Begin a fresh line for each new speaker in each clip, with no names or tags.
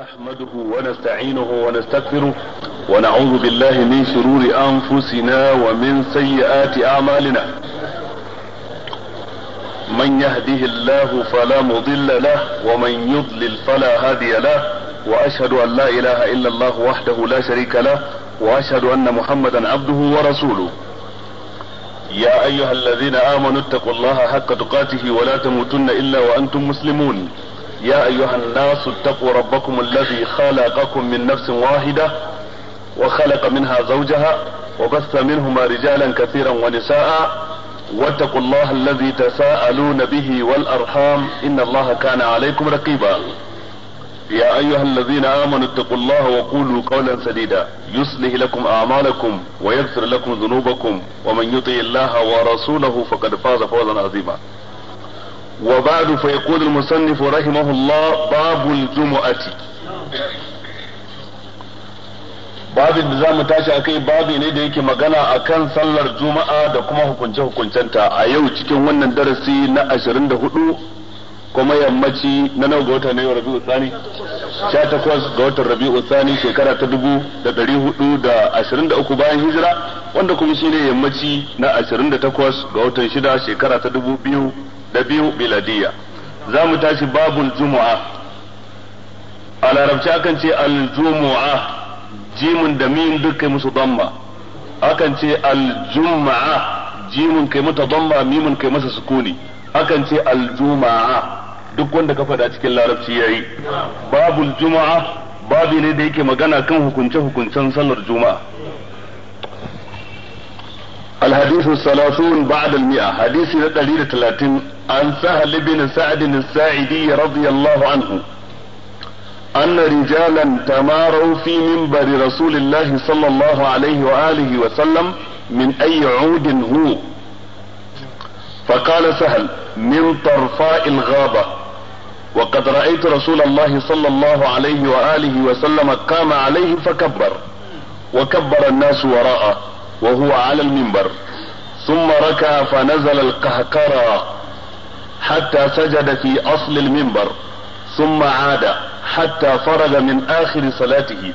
نحمده ونستعينه ونستغفره ونعوذ بالله من شرور انفسنا ومن سيئات اعمالنا من يهده الله فلا مضل له ومن يضلل فلا هادي له واشهد ان لا اله الا الله وحده لا شريك له واشهد ان محمدا عبده ورسوله يا ايها الذين امنوا اتقوا الله حق تقاته ولا تموتن الا وانتم مسلمون يا أيها الناس اتقوا ربكم الذي خلقكم من نفس واحدة وخلق منها زوجها وبث منهما رجالا كثيرا ونساء واتقوا الله الذي تساءلون به والأرحام إن الله كان عليكم رقيبا يا أيها الذين آمنوا اتقوا الله وقولوا قولا سديدا يصلح لكم أعمالكم ويغفر لكم ذنوبكم ومن يطع الله ورسوله فقد فاز فوزا عظيما وبعد فيقول المصنف رحمه الله باب الجمعة babin da za mu tashi a kai babi ne da yake magana a kan sallar juma'a da kuma hukunce-hukuncenta a yau cikin wannan darasi na 24 kuma yammaci na nawa ga watan yau rabi'u tsani 18 ga watan rabi'u tsani shekara ta 423 bayan hijira wanda kuma shine yammaci na 28 ga watan 6 shekara ta 2000 da biyu miladiya za mu tashi babul jumu'a a larabci akan ce al-jumu'a jimin da min duk kai musu damma akan ce al-jumu'a jimin kai mata damma mimin kai masa sukuni akan ce al duk wanda ka fada cikin larabci yayi babul jumu'a babu ne da yake magana kan hukunce hukuncen sallar juma'a الحديث الثلاثون بعد المئة حديث دليل الثلاثين عن سهل بن سعد الساعدي رضي الله عنه أن رجالا تماروا في منبر رسول الله صلى الله عليه وآله وسلم من أي عود هو فقال سهل من طرفاء الغابة وقد رأيت رسول الله صلى الله عليه وآله وسلم قام عليه فكبر وكبر الناس وراءه وهو على المنبر ثم ركع فنزل القهقرى حتى سجد في اصل المنبر ثم عاد حتى فرغ من اخر صلاته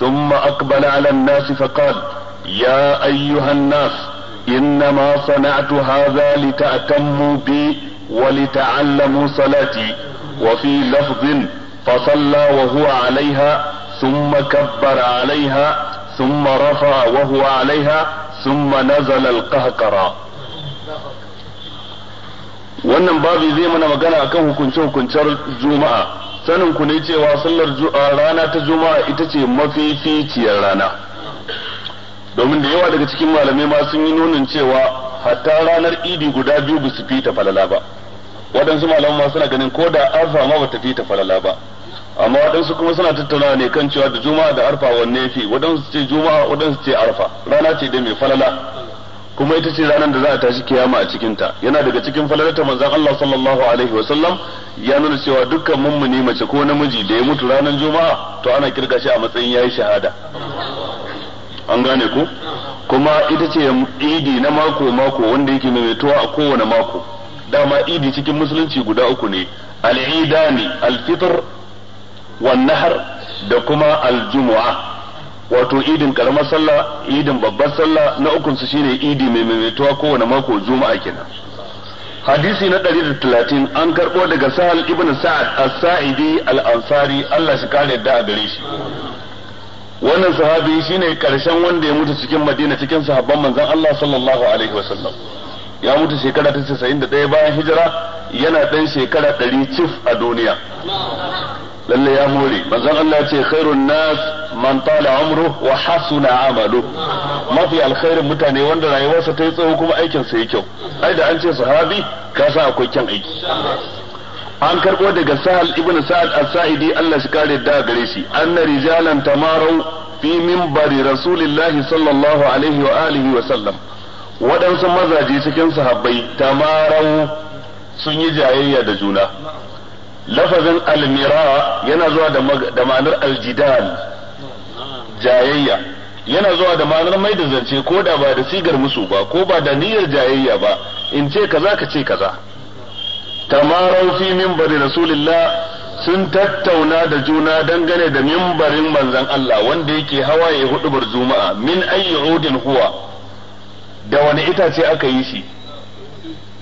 ثم اقبل على الناس فقال يا ايها الناس انما صنعت هذا لتاتموا بي ولتعلموا صلاتي وفي لفظ فصلى وهو عليها ثم كبر عليها ثم رفع وهو عليها ثم نزل القهقرة wannan babu zai mana magana akan hukunce-hukuncen juma'a sanin ku ne cewa sallar rana ta juma'a ita ce mafificiyar rana domin da yawa daga cikin malamai ma sun yi nunin cewa hatta ranar idi guda biyu ba su fita falala ba waɗansu malamai ma suna ganin ko da arfa ma ba ta fita falala ba amma waɗansu kuma suna tattauna ne kan cewa da juma'a da arfa wanne fi waɗansu ce juma'a waɗansu ce arfa rana ce da mai falala kuma ita ce ranar da za a tashi kiyama a cikinta yana daga cikin falalata manzon Allah sallallahu alaihi wa sallam ya nuna cewa dukkan mummuni mace ko namiji da ya mutu ranar juma'a to ana kirga shi a matsayin yayi shahada an gane ku kuma ita ce idi na mako mako wanda yake maimaituwa a kowane mako dama idi cikin musulunci guda uku ne al-idani al-fitr Wannahar da kuma aljumu'a wato idin karamar sallah idin babbar sallah na ukun su shine idi mai maimaituwa kowane mako juma'a kenan hadisi na 130 an karbo daga sahal ibn sa'ad as-sa'idi al-ansari Allah shi kare da gare shi wannan sahabi shine karshen wanda ya mutu cikin Madina cikin sahabban manzon Allah sallallahu alaihi wasallam ya mutu shekara ta 91 bayan hijira yana dan shekara 100 cif a duniya lalle ya more manzon Allah ya ce khairun nas man tala umru wa hasuna amalu mafi alkhairin mutane wanda rayuwarsa ta yi tsawo kuma aikin sa yi kyau ai da an ce sahabi ka sa akwai kyan aiki an karbo daga Sahal ibn Sa'ad as-Sa'idi Allah shi kare da gare shi anna rijalan tamarau fi minbari rasulillahi sallallahu alaihi wa alihi wa sallam waɗansu mazaje cikin sahabbai tamarau sun yi jayayya da juna lafazin almira yana zuwa da ma'anar aljidal jayayya yana zuwa da ma'anar mai da zance ko da ba da sigar musu ba ko ba da niyyar jayayya ba in ce kaza ka ce kaza tamarau fi minbari rasulillah sun tattauna da juna dangane da mimbarin Manzan Allah wanda yake hawa ya hudubar juma'a min ayyudin huwa da wani itace aka yi shi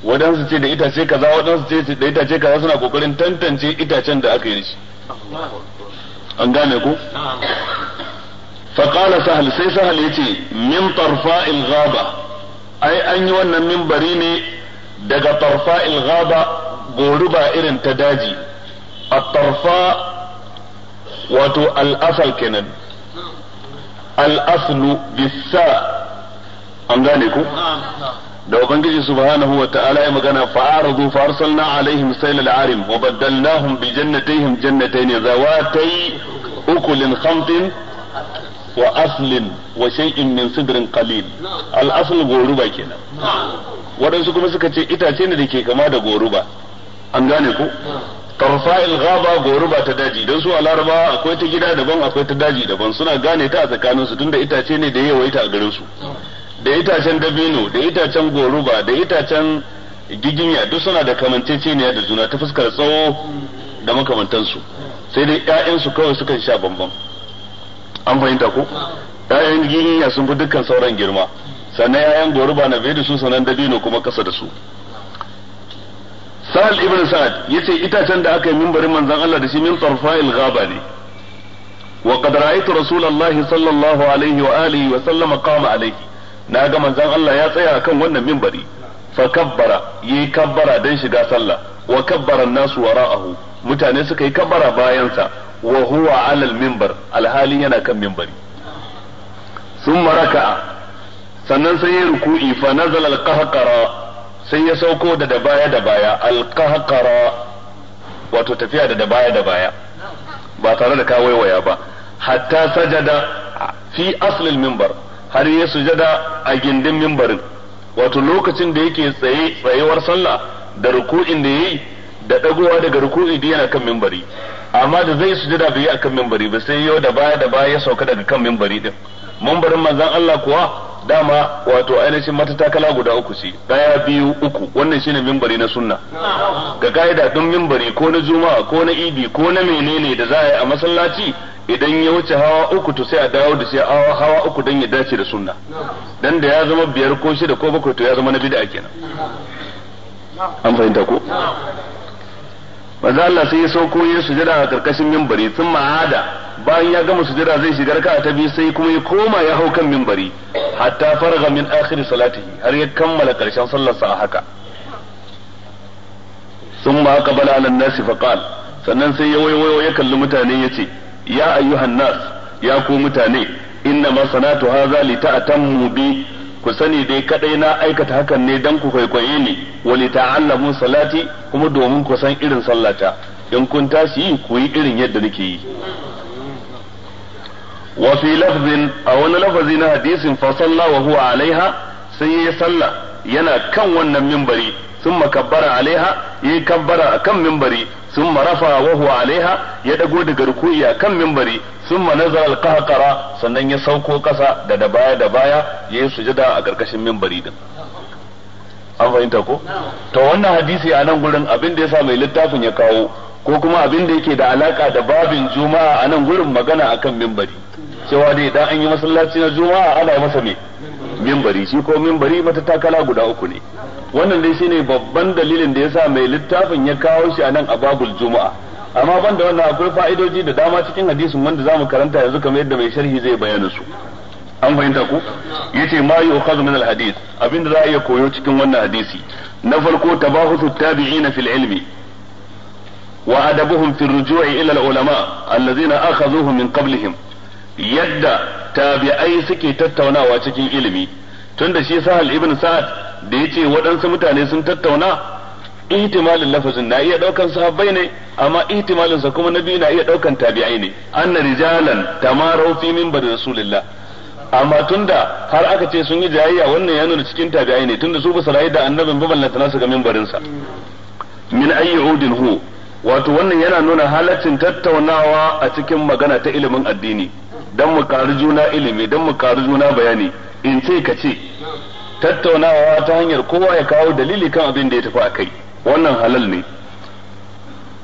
waɗansu ce da itace kaza waɗansu ce da itace kaza suna kokarin tantance itacen da aka yi shi an gane ku faƙala sahal sai sahal ya ce min tarfa'il ghaba ai an yi wannan mimbari ne daga tarfa'il ghaba goruba irin ta daji a tarfa wato al'asal kenan al'aslu bisa an gane ku da ubangiji subhanahu wa ta'ala ya magana fa aradu fa arsalna alaihim sayl al-arim wa badalnahum bi jannatayhim jannatayn zawatay ukulin khamtin wa aslin wa shay'in min sidrin qalil al-asl goruba kenan waɗansu kuma suka ce itace ne da ke kama da goruba an gane ko tarfa'il ghaba goruba ta daji don su a laraba akwai ta gida daban akwai ta daji daban suna gane ta a tsakaninsu tunda itace ne da yawaita a garin su da itacen dabino da itacen goruba da itacen giginya duk suna da kamanceceniya da juna ta fuskar tsawo da makamantansu sai dai ƴaƴansu kawai suka sha bambam an fahimta ko ƴaƴan giginya sun fi dukkan sauran girma sannan ƴaƴan goruba na bai da su sannan dabino kuma kasa da su sahal ibn sa'ad yace itacen da aka yi mimbarin manzon Allah da shi min tarfa'il ghaba ne wa qad ra'aytu rasulullahi sallallahu alaihi wa alihi wa sallama qama alaihi na ga manzon Allah ya tsaya kan wannan mimbari fa kabbara yi kabbara dan shiga sallah wa kabbara nasu wara'ahu mutane suka yi kabbara bayansa wa huwa alal minbar alhali yana kan minbari summa raka'a sannan sai ya ruku'i fa nazala alqahqara sai ya sauko da da baya da baya alqahqara wato tafiya da da baya da baya ba tare da ka waiwaya ba hatta sajada fi aslil mimbar. har ya sujada a gindin mimbarin wato lokacin da yake tsaye tsayewar sallah da ruku'in da yayi da dagowa daga ruku'i da yana kan mimbari amma da zai sujada bai yi kan mimbari ba sai yau da baya da baya ya sauka daga kan mimbari din mimbarin manzon Allah kuwa dama wato ainihin matatakala guda uku ce daya biyu uku wannan shine mimbari na sunna ga ka'ida din mimbari ko na juma'a ko na idi ko na menene da za a yi a masallaci idan ya wuce hawa uku to sai a dawo da shi a hawa uku don ya dace da sunna dan da ya zama biyar ko shida ko bakwai to ya zama na bid'a kenan an fahimta ko manzo Allah sai ya sauko yin sujada a karkashin minbari sun ma'ada bayan ya gama sujada zai shiga ka ta biyu sai kuma ya koma ya hau kan minbari hatta farga min akhir salatihi har ya kammala karshen sallarsa a haka sun ma aqbala ala an sannan sai ya waiwayo ya kalli mutane yace ya ayyuhan nas ya ku mutane inna ma sanatu a li ta'tammu bi ku sani dai kadai na aikata hakan ne dan ku kwaikwaye ni wa li ta'allamu salati kuma domin ku san irin sallata in kun tashi ku yi irin yadda nake yi wa fi lafzin a wani lafazi na hadisin fa salla wa huwa alaiha sai yi salla yana kan wannan mimbari sun makabbara alaiha yayi kabbara kan mimbari ثم رفع وهو عليها يدغو daga ruku'i kan minbari thumma nazara al sannan ya sauko kasa da da baya da baya yayi sujada a karkashin minbari din an fahimta ko to wannan hadisi a nan gurin abin da yasa mai littafin ya kawo ko kuma abin da yake da alaka da babin juma'a a nan gurin magana akan mimbari cewa dai idan an yi masallaci na juma'a ana masa me mimbari shi ko mimbari takala guda uku ne wannan dai shine babban dalilin da yasa mai littafin ya kawo shi a nan a babul juma'a amma ban da wannan akwai fa'idoji da dama cikin hadisin wanda zamu karanta yanzu kamar yadda mai sharhi zai bayyana su an fahimta ku yace ma yu'khadhu min al abinda za a iya koyo cikin wannan hadisi na farko tabahuthu na fil ilmi wa adabuhum fi ruju'i ila al-ulama allazina akhadhuhu min qablihim yadda tabi'ai suke tattaunawa cikin ilimi tunda shi sahal ibn sa'ad da ce waɗansu mutane sun tattauna ihtimalin lafazin na iya daukan sahabbai ne amma ihtimalin sa kuma nabi na iya daukan tabi'ai ne anna rijalan tamaru fi minbar rasulillah amma tunda har aka ce sun yi jayayya wannan ya nuna cikin tabi'ai ne tunda su ba su da annabin ba ballanta nasu ga minbarin sa min ayyi hu wato wannan yana nuna halaccin tattaunawa a cikin magana ta ilimin addini dan mu karu juna ilimi dan mu karu juna bayani in ce ka ce tattaunawa ta hanyar kowa ya kawo dalili kan abin da ya tafi a kai wannan halal ne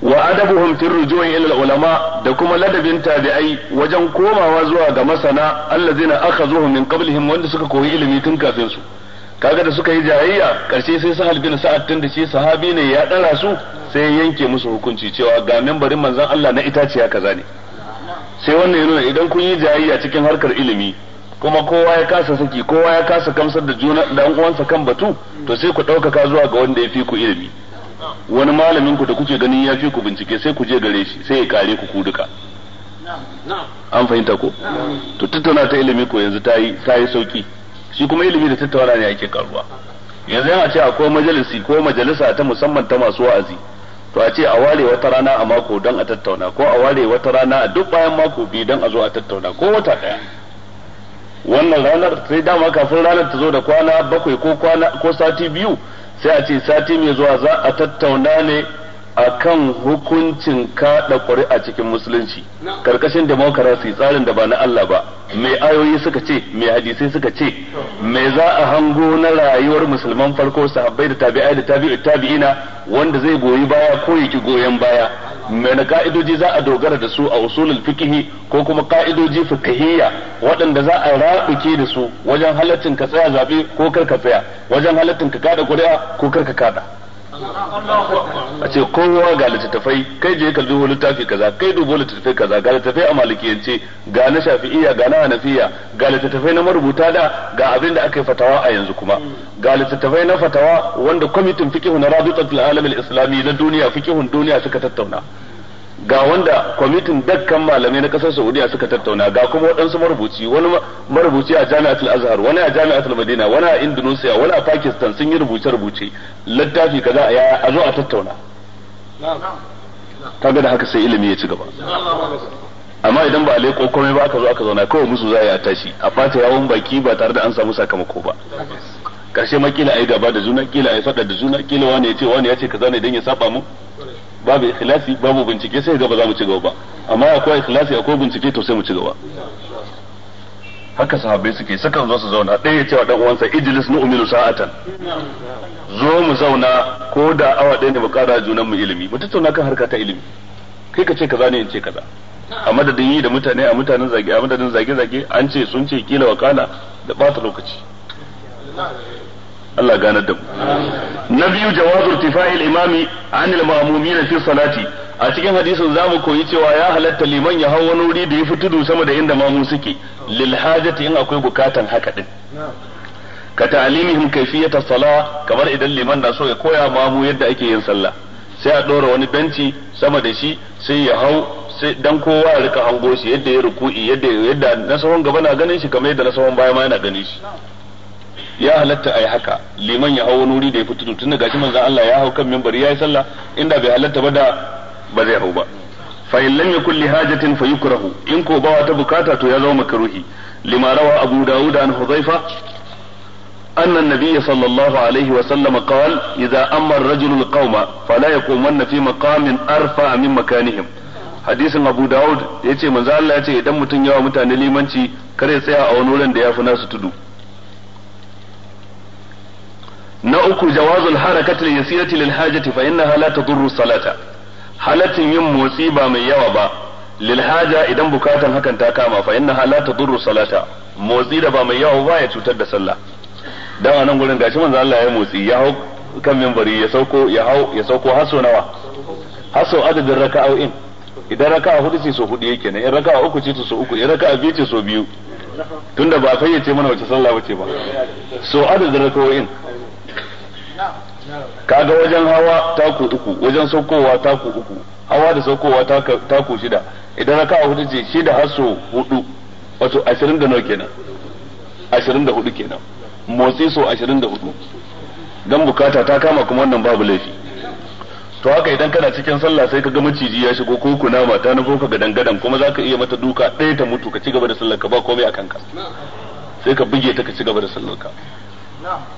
wa adabuhum fi ruju'i ila ulama da kuma ladabin tabi'ai wajen komawa zuwa ga masana allazina akhazuhum min qablihim wanda suka koyi ilimi tun kafin su kaga da suka yi jayayya karshe sai sun halbin sa'ad tun da shi sahabi ne ya dara su sai yanke musu hukunci cewa ga membarin manzon Allah na itaciya kaza ne sai wannan ya nuna idan kun yi jayayya cikin harkar ilimi kuma kowa ya kasa saki kowa ya kasa kamsar da juna an uwansa kan batu to sai ku ɗaukaka zuwa ga wanda ya fi ku ilimi wani malamin ku da kuke ganin ya fi ku bincike sai ku je gare shi sai ya kare ku ku duka an fahimta ko to tattauna ta ilimi ko yanzu ta yi ta yi sauki shi kuma ilimi da tattauna ne ake karuwa yanzu yana ce akwai majalisi ko majalisa ta musamman ta masu wa'azi to a ce a ware wata rana a mako don a tattauna ko a ware wata rana a duk bayan mako biyu don a zo a tattauna ko wata daya wannan ranar sai dama kafin ranar ta zo da kwana bakwai ko kwana ko sati biyu sai a ce sati mai zuwa za a tattauna ne akan hukuncin kada ƙuri'a cikin musulunci karkashin demokarasi tsarin da ba na Allah ba mai ayoyi suka ce mai hadisai suka ce mai za a hango na rayuwar musulman farko sahabbai da tabi'ai da tabi'u tabi'ina wanda zai goyi baya ko yake goyen baya mai na ka'idoji za a dogara da su a usulul fiqhi ko kuma ka'idoji fiqhiyya waɗanda za a rabuke da su wajen halattun ka tsaya zabe ko kar tsaya wajen halattun ka kada ƙuri'a ko karka ka kada a ce kowa ga littattafai kai je ka dubo littafi kaza kai dubo littattafai kaza ga littattafai a malikiyance ga na shafi'iyya ga na hanafiya ga littattafai na marubuta da ga abin da aka yi fatawa a yanzu kuma ga littattafai na fatawa wanda kwamitin fikihu na rabitat alamil islami na duniya fikihun duniya suka tattauna ga wanda kwamitin dakkan malamai na kasar Saudiya suka tattauna ga kuma waɗansu marubuci wani marubuci a al Azhar wani a al Madina wani a Indonesia wani a Pakistan sun yi rubuce rubuce littafi kaza a yaya a zo a tattauna kaga da haka sai ilimi ya ci gaba amma idan ba a leko komai ba aka zo aka zauna kawai musu za a yi tashi a fata yawon baki ba tare da an samu sakamako ba karshe ma kila yi gaba da juna kila yi fada da juna kila wani ya ce wani ya ce kaza ne dan ya saba mu babu ikhlasi babu bincike sai ga ba za mu ci gaba ba amma akwai ikhlasi akwai bincike to sai mu ci gaba haka sahabbai suke sakan zo su zauna ɗaya cewa dan uwansa ijlis umilu sa'atan zo mu zauna ko da awa ɗaya ne bukara junan mu ilimi mu tattauna kan harka ta ilimi kai ka ce kaza ne in ce kaza a madadin yi da mutane a mutanen zage a madadin zage zage an ce sun ce kila kana da bata lokaci Allah gane da na biyu jawazu Tifa'il imami anil ma'mumin fi salati a cikin hadisin zamu koyi cewa ya halatta liman ya hau wani wuri da ya fi tudu sama da inda mamu suke lil hajati in akwai bukatan haka din ka ta'alimihim kayfiyata salah kamar idan liman na so ya koya mamu yadda ake yin sallah sai a ɗora wani benci sama da shi sai ya hau sai dan kowa ya rika hango shi yadda ya ruku'i yadda na sahon gaba na ganin shi kamar yadda na sahon baya ma yana ganin shi ya halatta a yi haka liman ya wani wuri da ya fito tun da gashi manzan Allah ya hau kan mimbari ya yi sallah inda bai halatta ba da ba zai hau ba fa in lam yakul li hajatin fa yukrahu in ko ba wata bukata to ya zama makruhi lima rawa abu dauda an hudhaifa anna nabiyya sallallahu alaihi wa sallam qaal idza amara rajulul qauma fala yakumanna fi maqamin arfa min makanihim hadisin abu daud yace manzo Allah yace idan mutun yawa mutane limanci kare tsaya a wani wurin da yafi nasu tudu na uku jawazul harakatil yasirati lil hajati fa innaha la tadurru salata halatin yin motsi ba mai yawa ba lil haja idan bukatan hakan ta kama fa innaha la tadurru salata motsi da ba mai yawa ba ya cutar da sallah dan anan nan gurin gashi manzo Allah ya motsi ya hau kan minbari ya sauko ya hau ya sauko haso nawa haso adadin raka'o'in idan raka'a hudu ce so hudu yake ne in raka'a uku ce so uku in raka'a biyu ce so biyu tunda ba fayyace mana wace sallah bace ba so adadin raka'o'in kaga wajen hawa taku uku wajen saukowa taku uku hawa da saukowa taku shida idan raka hudu ce shida haso so hudu wato ashirin da nawa kenan ashirin da hudu kenan motsi so ashirin da hudu don bukata ta kama kuma wannan babu laifi to haka idan kana cikin sallah sai ka ga maciji ya shigo ko kunama ta nufo ka gadan gadan kuma zaka iya mata duka ɗaya ta mutu ka ci gaba da sallar ka ba komai a kanka sai ka buge ta ka ci gaba da sallar ka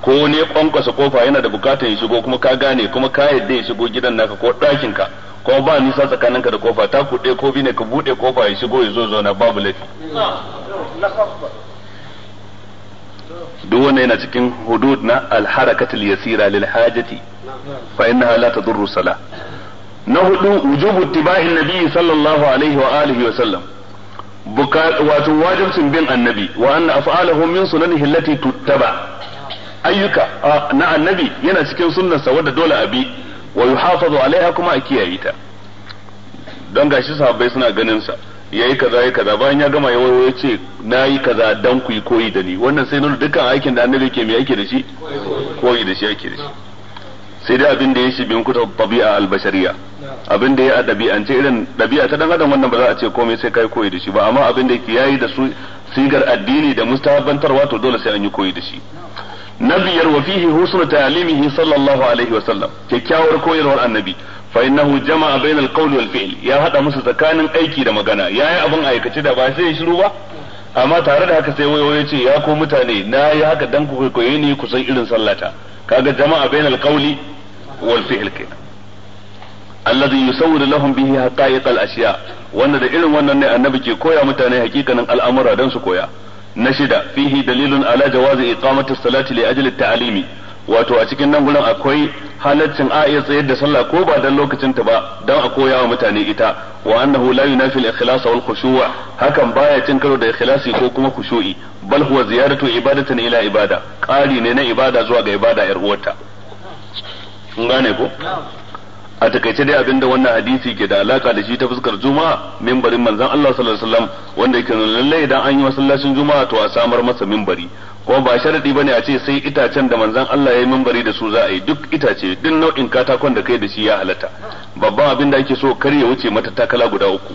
ko ne kwankwasa kofa yana da bukatar ya shigo kuma ka gane kuma ka yadda ya shigo gidan naka ko ɗakin ka kuma ba nisa tsakaninka da kofa ta kuɗe ko bi ne ka buɗe kofa ya shigo ya zo zauna babu laifi duk wannan yana cikin hudud na alharakatul yasira lil hajati fa innaha la tadurru salah na hudu wujubu tibahin nabi sallallahu alaihi wa alihi wa sallam wato wajibcin bin annabi wa anna af'aluhu min sunanihi allati tuttaba ayyuka na annabi yana cikin sunnarsa wadda dole a bi wa yuhafazu alaiha kuma a kiyaye ta don gashi sahabbai suna ganin sa yayi kaza yayi kaza bayan ya gama ya wayo ce nayi kaza dan ku yi koyi da ni wannan sai nuna dukkan aikin da annabi yake me yake da shi koyi da shi yake da shi sai dai abin da ya shi bin kuta tabi'a albashariya abin da ya a dabi'ance irin dabi'a ta dan adam wannan ba za a ce komai sai kai koyi da shi ba amma abin da yake yayi da su sigar addini da mustahabbantarwa to dole sai an yi koyi da shi na biyar wa fihi husnu ta'limihi sallallahu alaihi wa sallam kyakkyawar koyarwar annabi fa innahu jama'a bainal qawli wal fi'l ya hada musu tsakanin aiki da magana yayi abin aikace da ba sai ya shiru ba amma tare da haka sai wayo ya ce ya ko mutane na yi haka dan ku ne ne ku san irin sallata kaga jama'a bainal qawli wal fi'l kai alladhi yusawwiru lahum bihi haqa'iq al ashiya wanda da irin wannan ne annabi ke koya mutane hakikanin al'amura dan su koya na shida fihi dalilun ala jawazi iqamati salati li ajli ta'limi wato a cikin nan gurin akwai halaccin a iya tsayar da sallah ko ba dan lokacin ta ba dan a koya wa mutane ita wa annahu la yunafi al-ikhlas wal khushu' hakan baya cin karo da ikhlasi ko kuma khushu'i bal huwa ziyaratu ibadatan ila ibada qari ne na ibada zuwa ga ibada yar uwarta kun gane ko a takaice dai abinda wannan hadisi ke da alaka da shi ta fuskar juma'a mimbarin manzon Allah sallallahu alaihi wasallam wanda yake lallai idan an yi masallacin juma'a to a samar masa mimbari kuma ba sharadi bane a ce sai itacen da manzon Allah ya yi mimbari da su za a yi duk itace din nau'in katakon da kai da shi ya halatta babban abinda da ake so kar ya wuce mata takala guda uku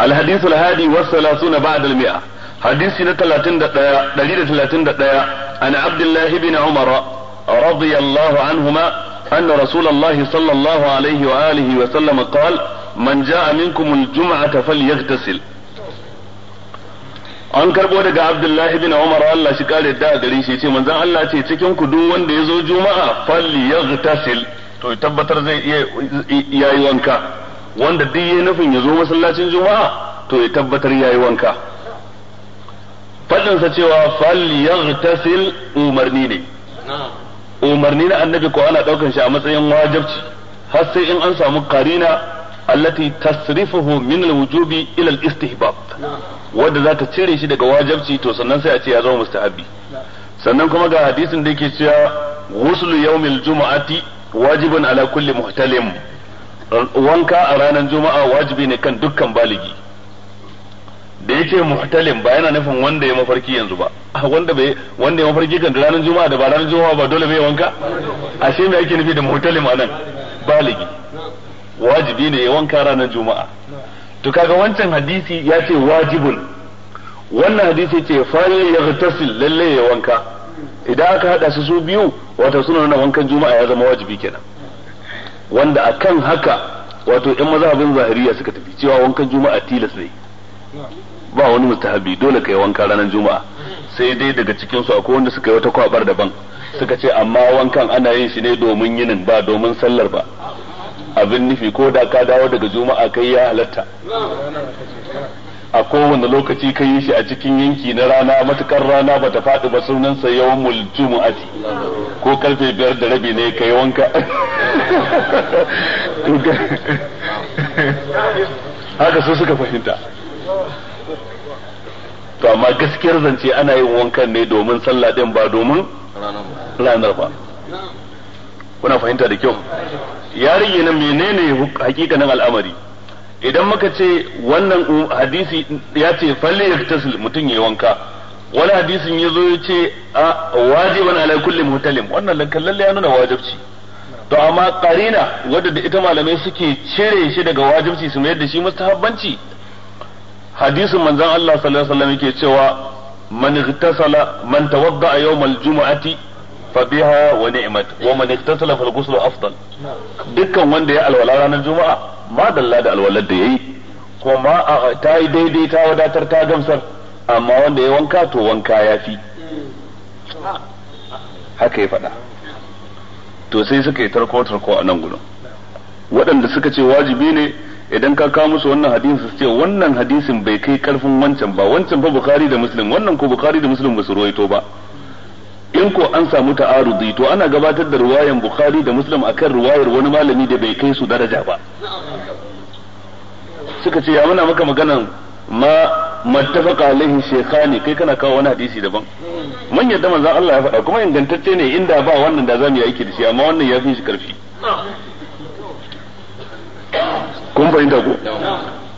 الحديث الهادي والثلاثون بعد المئة حديث نتلاتين دقيقة عن عبد الله بن عمر رضي الله عنهما أن رسول الله صلى الله عليه وآله وسلم قال من جاء منكم الجمعة فليغتسل an karbo daga Abdullahi bin Umar Allah shi kare da gare shi ce manzon Allah ce cikin ku duk wanda ya zo juma'a fal falyaghtasil to tabbatar zai iya yayi wanka wanda duk yayi nufin ya zo masallacin juma'a to ya tabbatar yayi wanka fadin sa cewa falyaghtasil umarni ne umarni na annabi ko ana daukan shi a matsayin wajibci har sai in an samu karina allati tasrifuhu min alwujubi ila alistihbab wanda zaka cire shi daga wajibci to sannan sai a ce ya zama mustahabi sannan kuma ga hadisin da yake cewa ghuslu yawmil juma'ati wajibun ala kulli muhtalim wanka a ranar juma'a wajibi ne kan dukkan baligi da yace muhtalim ba yana nufin wanda ya mafarki yanzu ba ah, wanda bai wanda ya mafarki kan ranar juma'a da ba ranar juma'a ba dole bai wanka ashe me ake nufi da muhtalim anan baligi wajibi ne ya wanka ranar juma'a to kaga wancan hadisi ya ce wajibun wannan hadisi ce fari ya tasil lalle ya wanka idan aka hada su su biyu wato suna nuna wankan juma'a ya zama wajibi kenan wanda akan haka wato yan mazhabin zahiriya suka tafi cewa wankan juma'a tilas ne ba wani mustahabi dole ka yi wanka ranar juma'a sai dai daga cikin su akwai wanda suka yi wata kwabar daban suka ce amma wankan ana yin shi ne domin yinin ba domin sallar ba abin nufi ko da ka dawo daga juma'a kai ya halatta a kowane lokaci ka yi shi a cikin yanki na rana matukar rana bata faɗi ba sunan sa yawmul jumu'ati ko karfe biyar da rabi ne kai wanka haka su suka fahimta to amma gaskiyar zance ana yin wankan ne domin sallah din ba domin ranar ba kuna fahimta da kyau ya rage na menene hakikanin al'amari idan muka ce wannan hadisi ya ce falle ya mutum ya yi wanka wani hadisin ya zo ya ce a wajiban ala kullum mutalim wannan lankan lalle ya nuna wajibci to amma karina wadda da ita malamai suke cire shi daga wajibci su mayar da shi mustahabbanci hadisin manzon Allah sallallahu alaihi wasallam yake cewa man igtasala man tawadda yawmal jumu'ati fa biha wa ni'mat wa man igtasala fal ghuslu afdal dukkan wanda ya alwala ranar juma'a ma dalla da alwalar da yayi kuma ta yi daidai ta wadatar ta gamsar amma wanda ya wanka to wanka ya fi haka ya faɗa to sai suka yi tarko tarko a nan gudun Wadanda suka ce wajibi ne idan ka kawo musu wannan hadisin su ce wannan hadisin bai kai karfin wancan ba wancan fa bukhari da muslim wannan ko bukhari da muslim ba su ruwaito ba in ko an samu ta'arudi to ana gabatar da ruwayan bukhari da muslim akan ruwayar wani malami da bai kai su daraja ba suka ce ya muna maka maganan ma mattafaqa alaihi shaykhani kai kana kawo wani hadisi daban man yadda manzo Allah ya faɗa kuma ingantacce ne inda ba wannan da zamu yi aiki da shi amma wannan ya fi shi karfi kun fahimta ko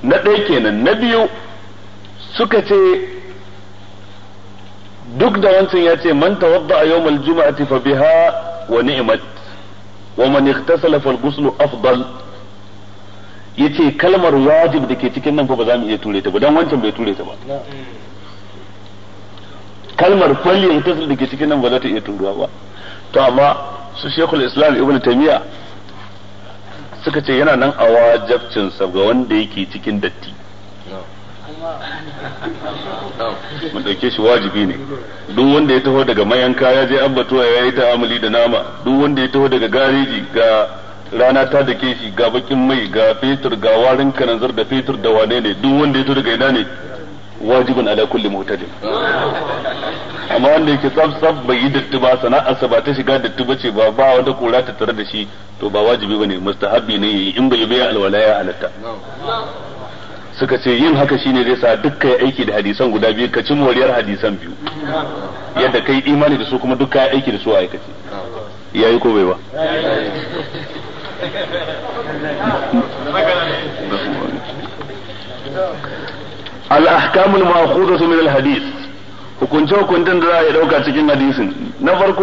na ɗaya kenan na biyu suka ce duk da wancan ya ce man tawadda a yawmal juma'ati fa biha wa ni'mat wa man ightasala fal ghuslu afdal yace kalmar wajib da ke cikin nan fa ba za mu iya ture ta ba dan wancan bai ture ta ba kalmar falli ightasal da ke cikin nan ba za ta iya turuwa ba to amma su shekul islam ibnu taymiya suka ce yana nan a wajabcinsa ga wanda yake cikin datti mu ɗauke shi wajibi ne duk wanda ya taho daga mayanka ya je ambatuwa ya yi ta'amali da nama duk wanda ya taho daga gareji ga rana ta da shi ga bakin mai ga fetur ga warin kananzar da fetur da wane ne duk wanda ya taho daga ina ne wajibin ala kulli mutadin amma wanda yake tsaf tsaf bai yi datti ba sana'arsa ba ta shiga datti ba ce ba ba wanda kura ta tare da shi to ba wajibi ba musta mustahabbi ne in bai bai alwala ya halatta suka ce yin haka shine zai sa dukkan aiki da hadisan guda biyu ka ci moriyar hadisan biyu yadda kai imani da su kuma dukkan ya aiki da su a aikace yayi ko bai ba
الأحكام المأخوذة من
الحديث hukunce hukuncin da za a dauka cikin hadisin na farko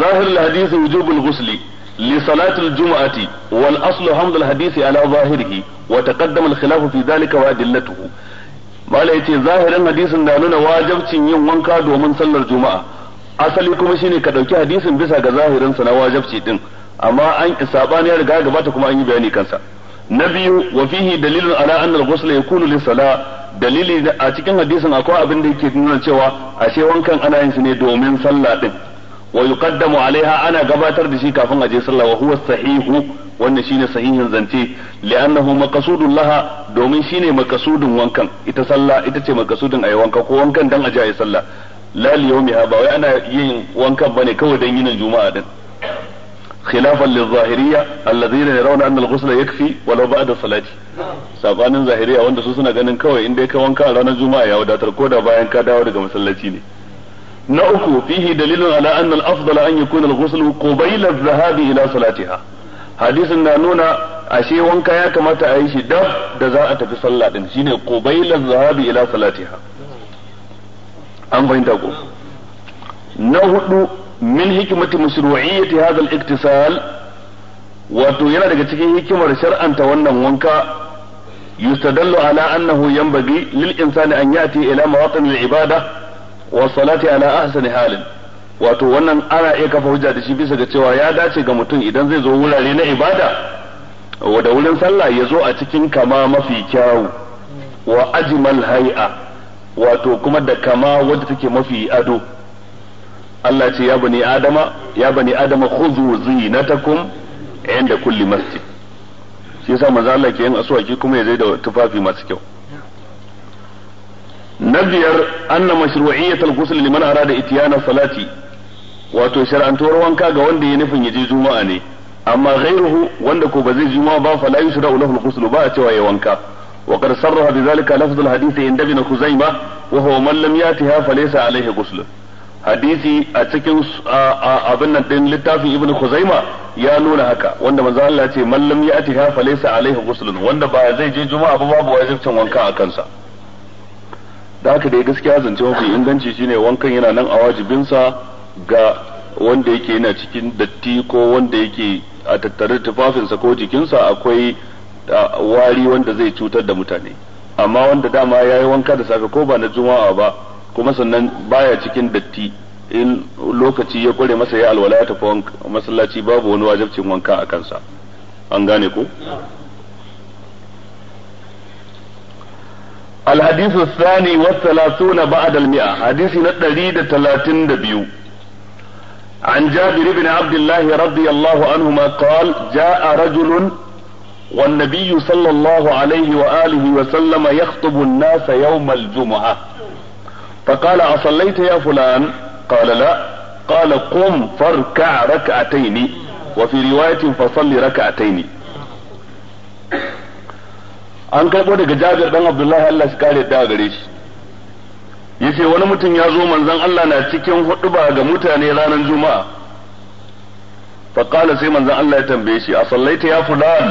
zahirul hadisi wujubul ghusli li juma'ati jumu'ati wal aslu hamdul hadisi ala zahirihi wa taqaddama al khilaf fi dhalika wa adillatuhu mala yace zahirin hadisin na nuna wajibcin yin wanka domin sallar juma'a asali kuma shine ka dauki hadisin bisa ga zahirin sa na wajibci din amma an sabani ya riga gabata kuma an yi bayani kansa na biyu wa fihi dalilun ala anna al-ghusl yakunu li dalili a cikin hadisin akwai abin da yake nuna cewa ashe wankan ana yin shi ne domin sallah din wa yuqaddamu alaiha ana gabatar da shi kafin aje sallah wa huwa sahihu wannan shine sahihin zance li'annahu maqsudun laha domin shine maqsudun wankan ita sallah ita ce maqsudun ayi wanka ko wankan dan aje ayi sallah la liyawmiha ba wai ana yin wankan bane kawai dan yin juma'a din khilafan lizahiriya alladhina yarawna anna al-ghusla yakfi walau ba'da salati sabanin zahiriya wanda su suna ganin kawai in dai ka wanka a ranar juma'a ya wadatar ko da bayan ka dawo daga masallaci ne na uku fihi dalilun ala anna al-afdala an yakuna al-ghuslu qabila adh-dhahabi ila salatiha hadisin na nuna ashe wanka ya kamata a yi shi dab da za a tafi sallah shine qabila adh an fahimta ko na hudu min hikimati mashru'iyyati hadha al-iktisal wato yana daga cikin hikimar shar'anta wannan wanka yustadallu ala annahu yanbaghi lil insani an yati ila mawaqin al-ibada wa salati ala ahsani halin wato wannan ana iya kafa hujja da shi bisa ga cewa ya dace ga mutum idan zai zo wurare na ibada da wurin sallah ya zo a cikin kama mafi kyawu wa ajmal hay'a wato kuma da kama wadda take mafi ado Allah ce ya bani adama ya bani adama khudhu zinatakum inda kulli masjid shi yasa manzo Allah ke yin aswaki kuma ya zai da tufafi masu kyau na biyar anna mashru'iyyat al-ghusl liman arada itiyana salati wato shar'antuwar wanka ga wanda ya nufin ya ji juma'a ne amma ghairuhu wanda ko ba zai juma'a ba fala yushra'u lahu al-ghusl ba a cewa ya wanka وقد صرح بذلك in الحديث عند ابن خزيمة وهو ya لم يأتها فليس عليه غسل hadisi a cikin abin nan din littafin ibnu khuzaima ya nuna haka wanda manzo Allah ya ce mallam ya atiha fa laysa alaihi ghuslun wanda ba zai je juma'a ba babu wajibcin wanka a kansa da haka dai gaskiya zance mafi inganci shine wankan yana nan a wajibinsa ga wanda yake yana cikin datti ko wanda yake a tattare sa ko jikinsa akwai wari wanda zai cutar da mutane amma wanda dama ya yi wanka da safe ko ba na juma'a ba kuma sannan baya cikin datti in lokaci ya kure masa ya alwala ya masallaci babu wani wajabcin wanka a kansa an gane ku alhadisu sani wata latuna ba a dalmiya hadisi na ɗari da talatin da biyu عن جابر بن عبد الله رضي الله عنهما قال جاء رجل والنبي صلى الله عليه وآله وسلم يخطب الناس يوم الجمعة فقال أصليت يا فلان قال لا قال قم فاركع ركعتين وفي رواية فصلي ركعتين an karɓo daga jabir dan abdullahi Allah shi kare da gare shi yace wani mutum ya zo manzon Allah na cikin huɗuba ga mutane ranar juma'a fa qala sai manzon Allah ya tambaye shi a sallaita ya fulan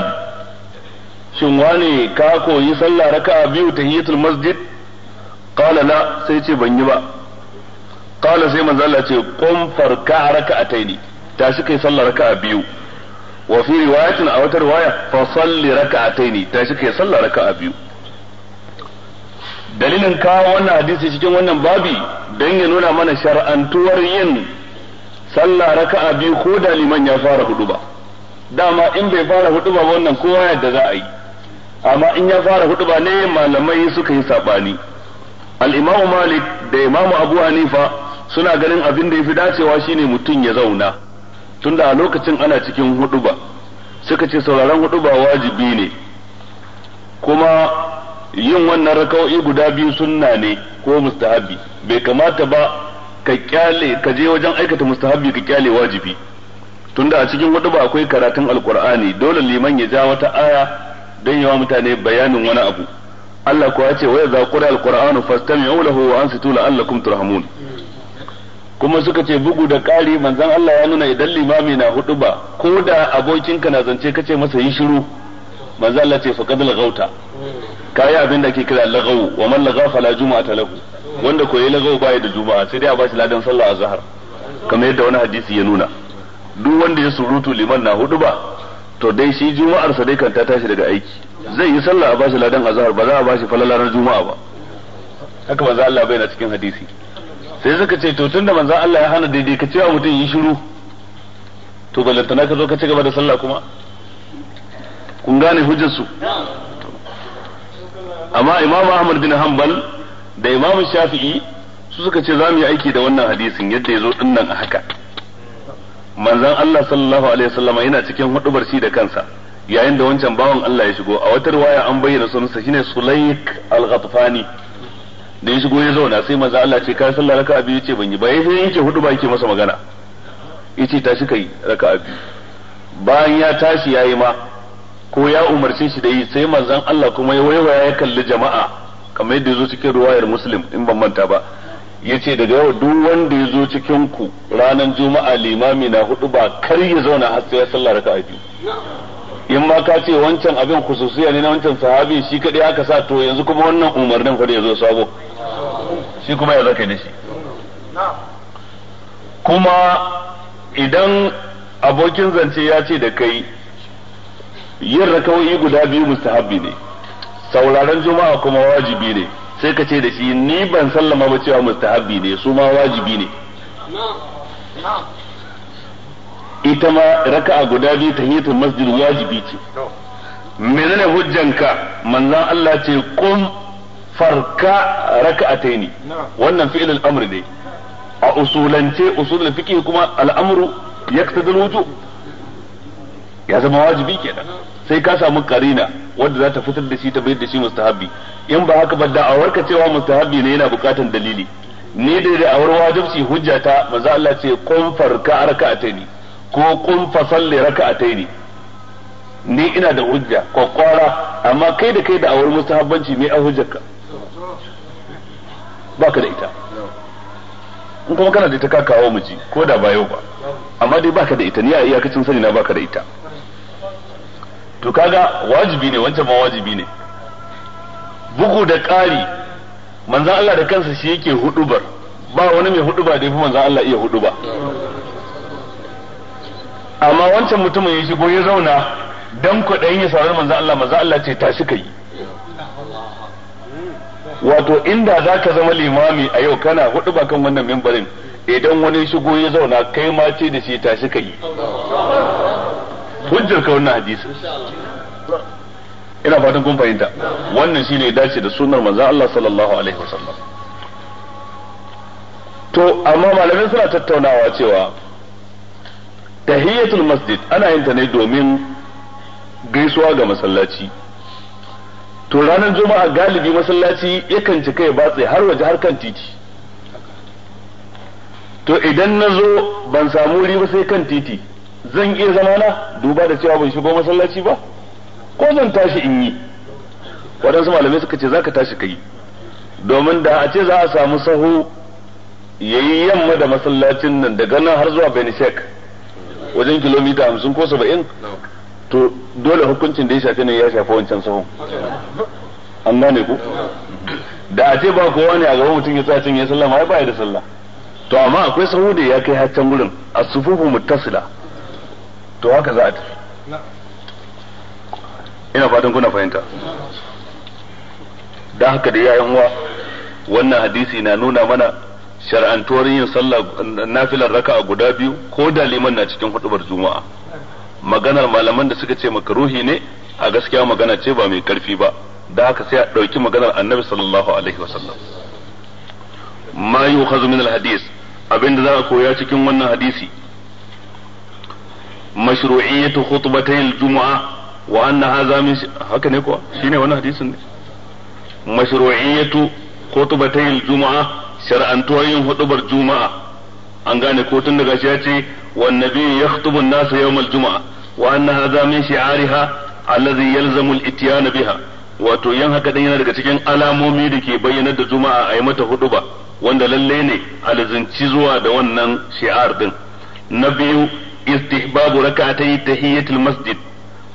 shin wani ka koyi sallah raka'a biyu tahiyatul masjid qala la sai ce ban yi ba qala sai manzo Allah ce qum farka raka'ataini tashi kai sallar raka'a biyu wa fi riwayatin a wata riwaya fa salli raka'ataini tashi kai sallar raka'a biyu dalilin kawo wannan hadisi cikin wannan babi dan ya nuna mana shar'antuwar yin sallah raka'a biyu ko da liman ya fara hudu ba dama in bai fara hudu ba wannan kowa yadda za a yi amma in ya fara hudu ba ne malamai suka yi sabani al malik da imamu abu hanifa suna ganin abin da ya fi dacewa shine mutum ya zauna tunda a lokacin ana cikin huduba suka ce sauraron huduba wajibi ne kuma yin wannan raka'o'i guda biyu sunna ne ko mustahabi bai kamata ba ka kyale ka je wajen aikata mustahabi ka kyale wajibi tunda a cikin huduba akwai karatun alkur'ani dole liman ya ja wata aya don yawa mutane bayanin wani abu Allah kuwa ce wa idza qira alqur'anu fastami'u lahu wa ansitu la'allakum turhamun kuma suka ce bugu da ƙari manzon Allah ya nuna idan limami na hudu ba ko da abokinka na zance kace masa yi shiru manzon Allah ce faqad al-ghauta kai abin da ke kira lagawu wa man lagha la juma'ata lahu wanda ko yi lagawu baya da juma'a sai dai a bashi ladan sallah azhar kamar yadda wani hadisi ya nuna duk wanda ya surutu liman na hudu ba to dai shi juma'ar sa dai kan ta tashi daga aiki zai yi sallah a bashi ladan azhar ba za a bashi falala na juma'a ba haka manzo Allah bai na cikin hadisi sai suka ce to tunda manzo Allah ya hana daidai ka ce wa mutum yi shiru to ballantana ka zo ka ci gaba da sallah kuma kun gane hujjar su amma imamu Ahmad bin Hanbal da imamu Shafi'i su suka ce za mu yi aiki da wannan hadisin yadda ya zo dinnan a haka manzon Allah sallallahu alaihi wasallam yana cikin hudubar shi da kansa yayin da wancan bawan Allah ya shigo a wata riwaya an bayyana sunansa shine Sulaik al-Ghatfani da ya shigo ya zauna sai manzo Allah ce kai sallah raka'a biyu yace ban yi ba yayin yake hudu ba yake masa magana yace tashi kai raka'a biyu bayan ya tashi yayi ma ko ya umarce shi da yi sai manzon Allah kuma ya waiwaya ya kalli jama'a kamar yadda yazo cikin riwayar Muslim in ban manta ba yace daga yau duk wanda ya zo cikin ku ranar juma'a limami na hudu ba kar ya zauna har sai ya sallah raka'a biyu in ma ka ce wancan abin khususiya ne na wancan sahabi shi kadai aka sa to yanzu kuma wannan umarnin fa da zo sabo shi kuma ya zaka da shi kuma idan abokin zance ya ce da kai yin rakawai guda biyu mustahabbi ne sauraron juma'a kuma wajibi ne sai ka ce da shi ni ban sallama ba cewa mustahabbi ne su ma wajibi ne ita ma raka'a guda biyu ta hiyatu masjid wajibi ce menene hujjanka manzon Allah ce kun farka raka'ataini wannan fi'il al-amr dai a usulance usulul fiqi kuma al-amru yaqtadul wujub ya zama wajibi kenan sai ka samu karina wanda za ta fitar da shi ta bayar da shi mustahabi in ba haka ba ka cewa mustahabi ne yana bukatan dalili ne da da'awar wajibi hujjata manzo Allah ce kun farka raka'ataini ko kun a raka'ataini ni ina da hujja kwakwara amma kai da kai da awar mustahabbanci mai a hujjarka baka da ita in kuma kana da ita ka kawo miji ko da ba yau ba amma dai baka da ita ni a iyakacin sani na baka da ita to kaga wajibi ne wancan ma wajibi ne bugu da ƙari manzan Allah da kansa shi yake hudubar ba wani mai huduba da fi manzan Allah iya huduba amma wancan mutumin ya shigo ya zauna dan kuɗin ya saurari manzo Allah manzo Allah ce tashi kai wato inda za ka zama limami a yau kana hudu ba kan wannan mimbarin idan wani shigo ya zauna kai ma ce da shi tashi kai hujjar ka wannan hadisi ina fatan kun fahimta wannan shine ya dace da sunnar manzo Allah sallallahu alaihi wasallam to amma malamai suna tattaunawa cewa tahiyatul masjid ana yin ta ne domin gaisuwa ga masallaci to ranar juma'a galibi masallaci yakan cika ya batse har waje har kan titi to idan na zo ban samu wuri ba sai kan titi zan iya zama na duba da cewa ban shigo masallaci ba ko zan tashi in yi waɗansu malamai suka ce za ka tashi kai domin da a ce za a samu saho yayi yamma da masallacin nan daga nan har zuwa benishek wajen kilomita hamsin ko saba'in to dole hukuncin da ya shafi ne ya shafi wancan sahun an gane ku da a ce ba kowa ne a gaban mutum ya tsaya ya sallama ai ba ya da sallah to amma akwai sahu da ya kai haccan can gurin as-sufufu muttasila to haka za a ta ina fatan kuna fahimta da haka da yayan uwa wannan hadisi na nuna mana shar'antuwar yin sallah nafilar a guda biyu ko da liman na cikin hudubar juma'a maganar malaman da suka ce makaruhi ne a gaskiya magana ce ba mai karfi ba da haka sai a ɗauki maganar annabi sallallahu alaihi wasallam ma yukhadhu min alhadis abinda za a koya cikin wannan hadisi mashru'iyyatu khutbatay aljum'a wa anna hadha min haka ne kuwa shine wannan hadisin ne mashru'iyyatu khutbatay aljum'a shar'antuwar yin hudubar juma'a an gane ko tun daga shi ya ce wan nabi yakhutubu an-nas yawmal juma'a wa anna hadha min shi'ariha alladhi yalzamu al-ityan biha wato yan haka dan yana daga cikin alamomi da ke bayyanar da juma'a a yi mata huduba wanda lalle ne alzinci zuwa da wannan shi'ar din na biyu istihbabu rak'atay tahiyatul masjid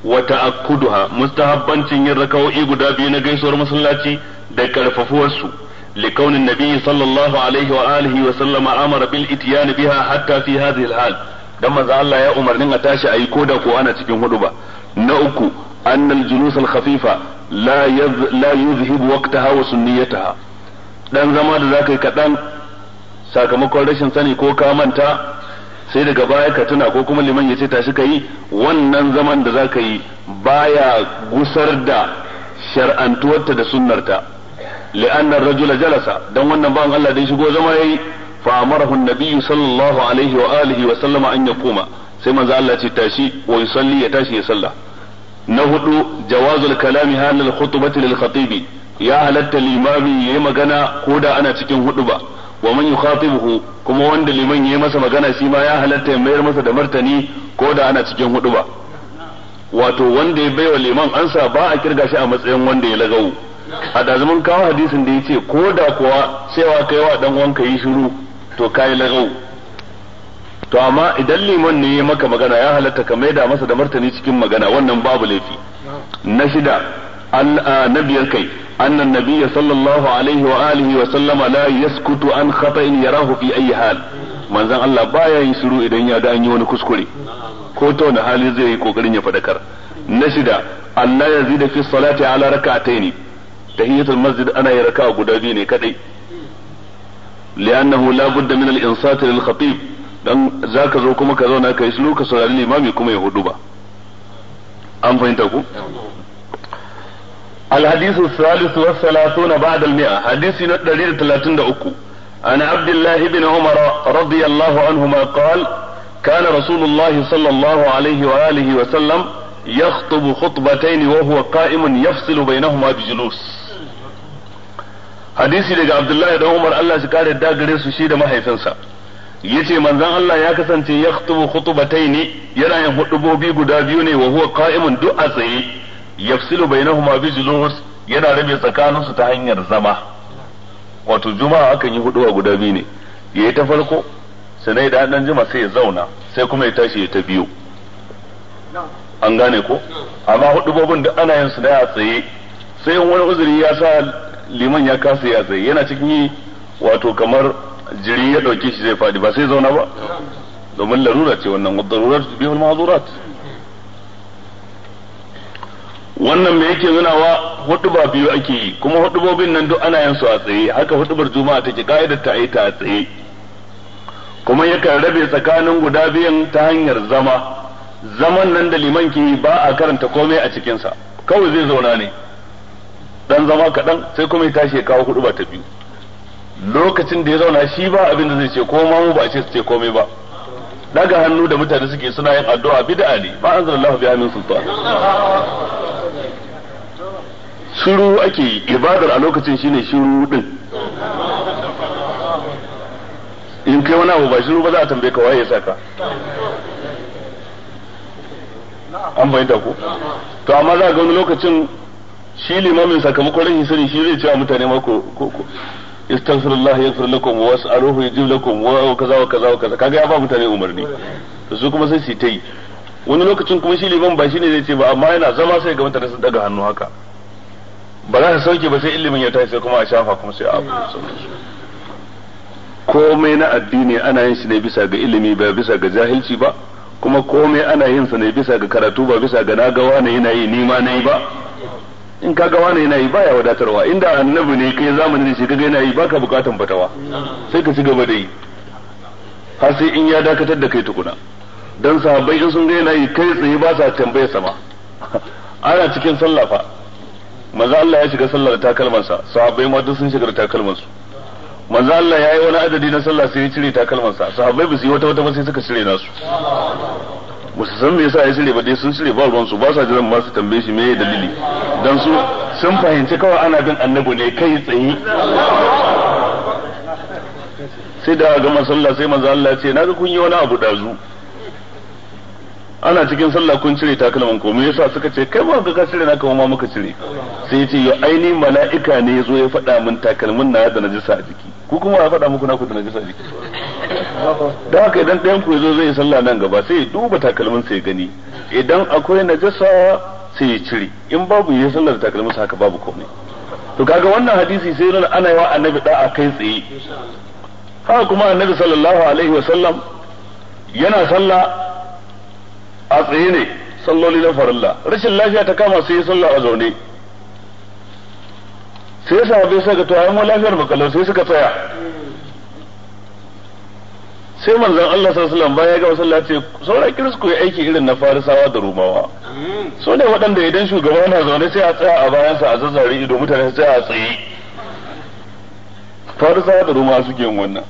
wa ta'akkuduha mustahabbancin yin raka'o'i guda biyu na gaisuwar masallaci da karfafuwar su لكون النبي صلى الله عليه وآله وسلم أمر بالإتيان بها حتى في هذه الحال dan manzo Allah ya umarni a tashi ayi koda ko ana cikin hudu ba na uku annal julus al khafifa la la yuzhibu waqtaha wa sunniyataha dan zama da yi kaɗan sakamakon rashin sani ko ka manta sai daga baya ka tuna ko kuma liman ya ce tashi ka yi wannan zaman da zaka yi baya gusar da shar'antuwarta da sunnarta li'anna ar-rajula jalasa dan wannan bawan Allah dai shigo zama yayi fa amarahu an-nabi sallallahu alaihi wa alihi wa sallama an yaquma sai manza Allah ce tashi wa yusalli ya tashi ya salla na hudu jawazul kalami halar khutbati lil khatibi ya halatta limami yayi magana ko da ana cikin huduba wa man yukhatibuhu kuma wanda liman yayi masa magana shi ma ya halatta ya mayar masa da martani ko da ana cikin huduba wato wanda ya baiwa liman ansa ba a kirga shi a matsayin wanda ya lagawo a da kawo hadisin da ya ce ko da kuwa cewa kai wa dan wanka yi shiru to kai lagau to amma idan liman ne ya maka magana ya halatta ka maida masa da martani cikin magana wannan babu laifi na shida na biyar kai annan nabiyya sallallahu alaihi wa alihi wa sallama la yaskutu an khata'in yarahu fi ayi hal manzon Allah baya yin shiru idan ya ga an yi wani kuskure ko ta wani hali zai yi kokarin ya fadakar na shida Allah ya zida fi salati ala raka'ataini tahiyatul masjid ana yi raka'a guda biyu ne kadai li'annahu la budda min al-insat lil khatib dan zaka zo kuma ka zauna kai sulu ka saurari limami kuma ya hudu ba an fahimta ku الحديث الثالث والثلاثون بعد المئة حديث ندريد ثلاثين دعوكو عن عبد الله بن عمر رضي الله عنهما قال كان رسول الله صلى الله عليه وآله وسلم يخطب خطبتين وهو قائم يفصل بينهما بجلوس hadisi daga abdullahi da umar Allah shi kare da gare su shi da mahaifinsa ya ce manzan Allah ya kasance ya khutubu ne yana yin hudubobi guda biyu ne wa huwa qa'imun duk a tsaye yafsilu bainahuma bi julus yana rabe tsakaninsu ta hanyar zama wato juma'a akan yi huduwa guda biyu ne ya yi ta farko sanai da dan jima sai ya zauna sai kuma ya tashi ya ta biyu an gane ko amma hudubobin duk ana yin su ne a tsaye sai wani uzuri ya sa liman ya kasa ya tsaye yana cikin yi wato kamar jiri ya dauke shi zai fadi ba sai zauna ba domin larura ce wannan su bihul mahzurat wannan me yake hudu ba biyu ake yi kuma hudubobin nan duk ana yin su a tsaye haka hudubar juma'a take ka'idar ta yi ta a tsaye kuma yakan rabe tsakanin guda biyan ta hanyar zama zaman nan da liman ke ba a karanta komai a cikinsa kawai zai zauna ne dan zama kaɗan sai kuma ya tashi ya kawo hudu ba ta biyu lokacin da ya zauna shi ba abin da zai ce ko mamu ba a ce su ce komai ba daga hannu da mutane suke suna yin addu'a bid'a ne ba an anzalallahu biya min sultan shiru ake yi ibadar a lokacin shine shiru din in kai wani abu ba shiru ba za a tambaye ka waye ya saka an bayyana ko to amma za ga wani lokacin shi limamin sakamakon rashin sani shi zai cewa mutane ma ko istaghfirullah yaghfir lakum wa as'aluhu yajib lakum wa kaza wa kaza wa kaza kaga ya ba mutane umarni to su kuma sai su tai wani lokacin kuma shi liman ba shine zai ce ba amma yana zama sai ga mutane su daga hannu haka ba za su sauke ba sai ilimin ya tashi sai kuma a shafa kuma sai a abu komai na addini ana yin shi ne bisa ga ilimi ba bisa ga jahilci ba kuma komai ana yin sa ne bisa ga karatu ba bisa ga nagawa ne yana yi nima na yi ba in kaga wani yana yi baya wadatarwa inda annabi ne kai zamanin shi kaga yana yi baka bukatan fatawa sai ka ci gaba da yi har sai in ya dakatar da kai tukuna dan sahabbai in sun ga yana yi kai tsaye ba sa tambaye sama ana cikin sallah fa manzo Allah ya shiga sallar sa sahabbai ma duk sun shiga su manzo Allah ya yi wani adadi na sallah sai ya cire takalmansa sahabbai ba su yi wata wata ba sai suka cire nasu ba su san me yasa ya cire ba dai sun cire ba ruwan su ba sa jiran ma su tambaye shi me dalili don su sun fahimci kawai ana bin annabu ne kai tsaye sai da gama sallah sai manzo Allah ce naga kun yi wani abu dazu ana cikin sallah kun cire takalman ko me yasa suka ce kai ba ka cire naka ma muka cire sai ya ce ya aini mala'ika ne yazo ya faɗa min takalmin na da najisa a jiki ku kuma ya faɗa muku naku da najisa a jiki da haka idan ɗayan ku yazo zai sallah nan gaba sai ya duba takalmin sai ya gani idan akwai najisa sai ya cire in babu ya sallar takalmi haka babu komai to kaga wannan hadisi sai nuna ana yawa annabi a kai tsaye haka kuma annabi sallallahu alaihi wasallam yana sallah a tsaye ne salloli na farilla rashin lafiya ta kama sai ya salla a zaune sai sahabbai suka ga to ayyuma lafiyar makalau sai suka tsaya sai manzon Allah sallallahu alaihi wasallam ya ga sallah ce saura kiris ku aiki irin na farisawa da rumawa so ne waɗanda idan shugaba na zaune sai a tsaya a bayansa a zazzare ido mutane sai a tsaye farisawa da rumawa suke yin wannan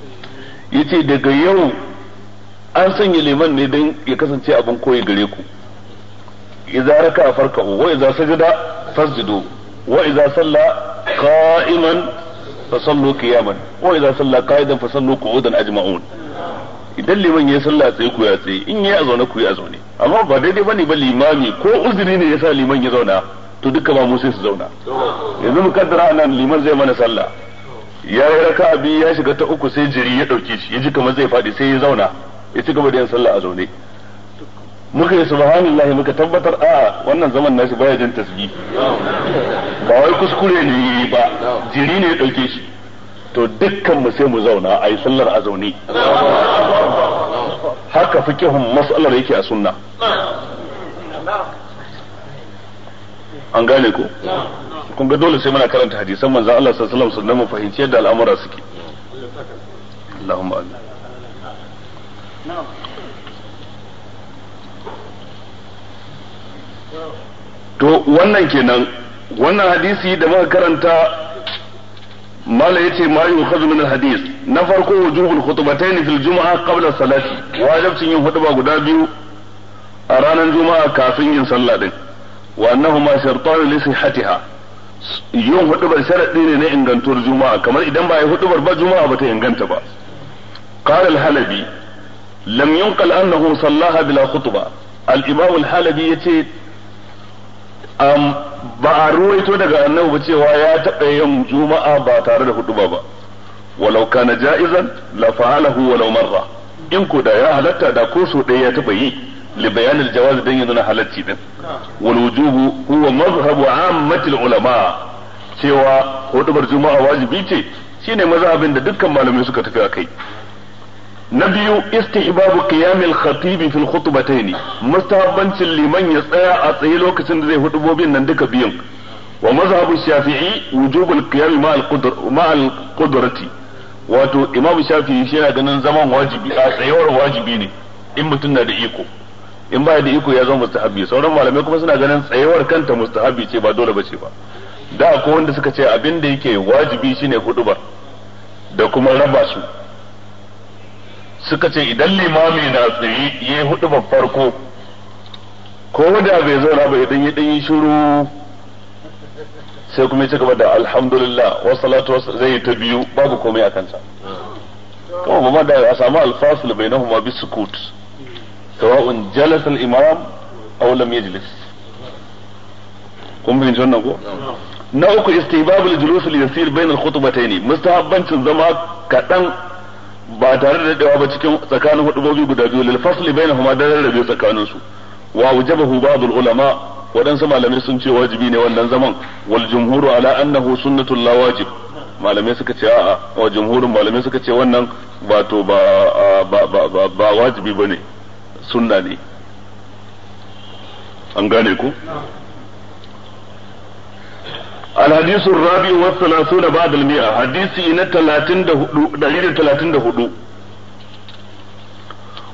yace daga yau an sanya liman ne don ya kasance abin koyi gare ku idza raka farkahu wa idza sajada fasjudu wa idza salla qa'iman sallu qiyaman wa idza salla qa'idan sallu qu'udan ajma'un idan liman ya sallah tsaye ku ya tsaye in yayi a zaune ku ya zaune amma ba daidai bane ba limami ko uzuri ne yasa liman ya zauna to duka ba mu sai su zauna yanzu mu kaddara anan liman zai mana sallah ya yi raka biyu ya shiga ta uku sai jiri ya dauke shi ya kamar zai fadi sai ya zauna ya ci gaba da yin sallah a zaune muka yi subhanallah muka tabbatar a wannan zaman nashi baya jin tasbih ba wai kuskure ne ba jiri ne ya dauke shi to dukkan mu sai mu zauna a yi sallar a zaune haka fikihun mas'alar yake a sunna an gane ko kun ga dole sai muna karanta hadisan manzon Allah sallallahu alaihi wasallam sannan mu fahimci yadda al'amura suke Allahumma amin to wannan kenan wannan hadisi da muka karanta mala yace ma yukhadhu min alhadith na farko wujuhul khutbatayn fil jumu'a qabla salati wajibcin yin khutba guda biyu a ranar juma'a kafin yin sallah din wa annahuma shartan li sihhatiha yin hudubar sharadi ne na ingantuwar juma'a kamar idan ba yi hudubar ba juma'a ba ta inganta ba qala al-halabi lam yunqal annahu sallaha bila khutba al-imam al yace ba a ruwaito daga annabi ba cewa ya taɓa yin juma'a ba tare da huduba ba walau kana ja'izan la fa'alahu walau marra in ko da ya halatta da ko so ɗaya ya taɓa yi li bayanil jawaz dan yanzu na halacci din wal wujubu huwa mazhabu ammatil ulama cewa hudubar juma'a wajibi ce shine mazhabin da dukkan malamai suka tafi kai. na biyu istihbabu qiyamil khatibi al khutbatayn mustahabbancin liman ya tsaya a tsaye lokacin da zai hudubobin nan duka biyun wa mazhabu shafi'i wujubul qiyam ma al qudrati wato imamu shafi'i shi yana ganin zaman wajibi a tsayewar wajibi ne in mutum na da iko in ba da iko ya zama mustahabi sauran malamai kuma suna ganin tsayewar kanta mustahabi ce ba dole bace ba da akwai wanda suka ce abin da yake wajibi shine hudubar da kuma raba su suka ce idan limami na tsaye ya yi hudu farko ko da bai zauna ba idan ya dan yi shiru sai kuma ya ci gaba da alhamdulillah wasu salatu zai yi ta biyu babu komai a kansa kuma ba da a samu alfasul bainahuma bi sukut sawa'un jalasa al-imam aw lam yajlis kun bin wannan ko na uku istihbabul julus al-yasir bain al-khutbatayn mustahabbancin zama kaɗan. ba tare da daɗewa ba cikin tsakanin hudubobi guda biyu lil fasli bainahuma da rarrabe tsakanin su wa wajabahu ba'd ulama waɗansu malamai sun ce wajibi ne wannan zaman wal jumhuru ala annahu sunnatul la wajib malamai suka ce a'a wa jumhurin malamai suka ce wannan ba to ba ba ba ba wajibi bane sunna ne an gane ku الحديث الرابع والثلاثون بعد المئة حديث إن تلاتين دليل تلاتين دهدو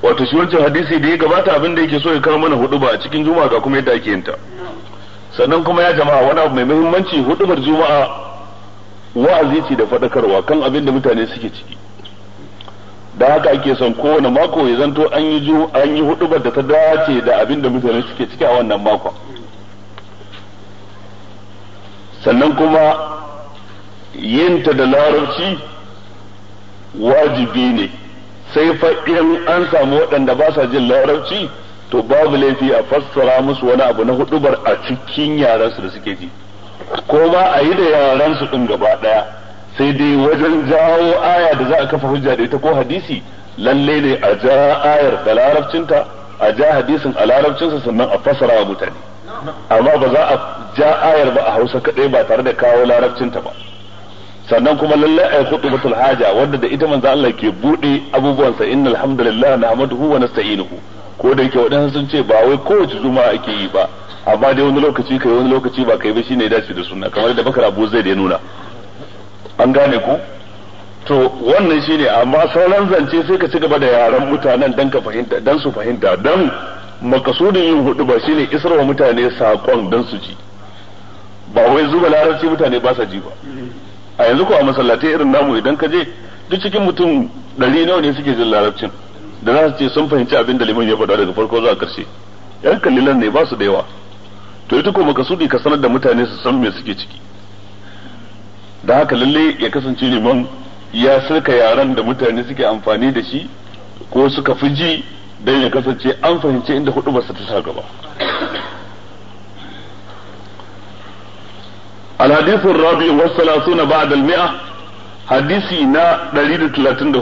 wato shi wancan hadisi da ya gabata abin da yake so ya kawo mana hudu ba a cikin juma'a ga kuma yadda ake yinta sannan kuma ya jama'a wani mai muhimmanci hudubar juma'a wa'azi ce da faɗakarwa kan abin da mutane suke ciki da haka ake son kowane mako ya zanto an yi hudubar da ta dace da abin da mutane suke ciki a wannan makon sannan kuma yinta da larabci wajibi ne sai fa in an samu waɗanda ba sa jin larabci to babu laifi a fassara musu wani abu na hudubar a cikin yaransu da suke ji ko ma a yi da yaransu din gaba ɗaya sai dai wajen jawo aya da za a kafa hujja da ita ko hadisi lalle ne a ja ayar da larabcinta a ja hadisin a larabcinsa sannan a fassara wa mutane amma ba za a ja ayar ba a hausa kaɗai ba tare da kawo larabcinta ba sannan kuma lallai ay khutbatul haja wanda da ita manzo Allah ke bude abubuwansa innal hamdalillah nahmaduhu wa nasta'inuhu ko da yake wadansu sun ce ba wai kowace zuma ake yi ba amma dai wani lokaci kai wani lokaci ba kai ba shine ya dace da sunna kamar da bakar abu zai da ya nuna an gane ku to wannan shine amma sauran zance sai ka ci gaba da yaran mutanen dan ka fahimta dan su fahimta dan makasudin yin hudu ba shine isarwa mutane sakon don su ji ba wai zuba larabci mutane ba sa ji ba a yanzu ko a masallatai irin namu idan ka je duk cikin mutum ɗari nawa ne suke jin larabcin da za su ce sun fahimci abin da liman ya faɗa daga farko zuwa ƙarshe yan kallilan ne ba su da yawa to ita ko makasudi ka sanar da mutane su san me suke ciki da haka lalle ya kasance liman ya sirka yaran da mutane suke amfani da shi ko suka fi ji don ya kasance an fahimci inda hudu ba su ta sa gaba الحديث الرابع والثلاثون بعد المئة حديثنا دليل تلاتين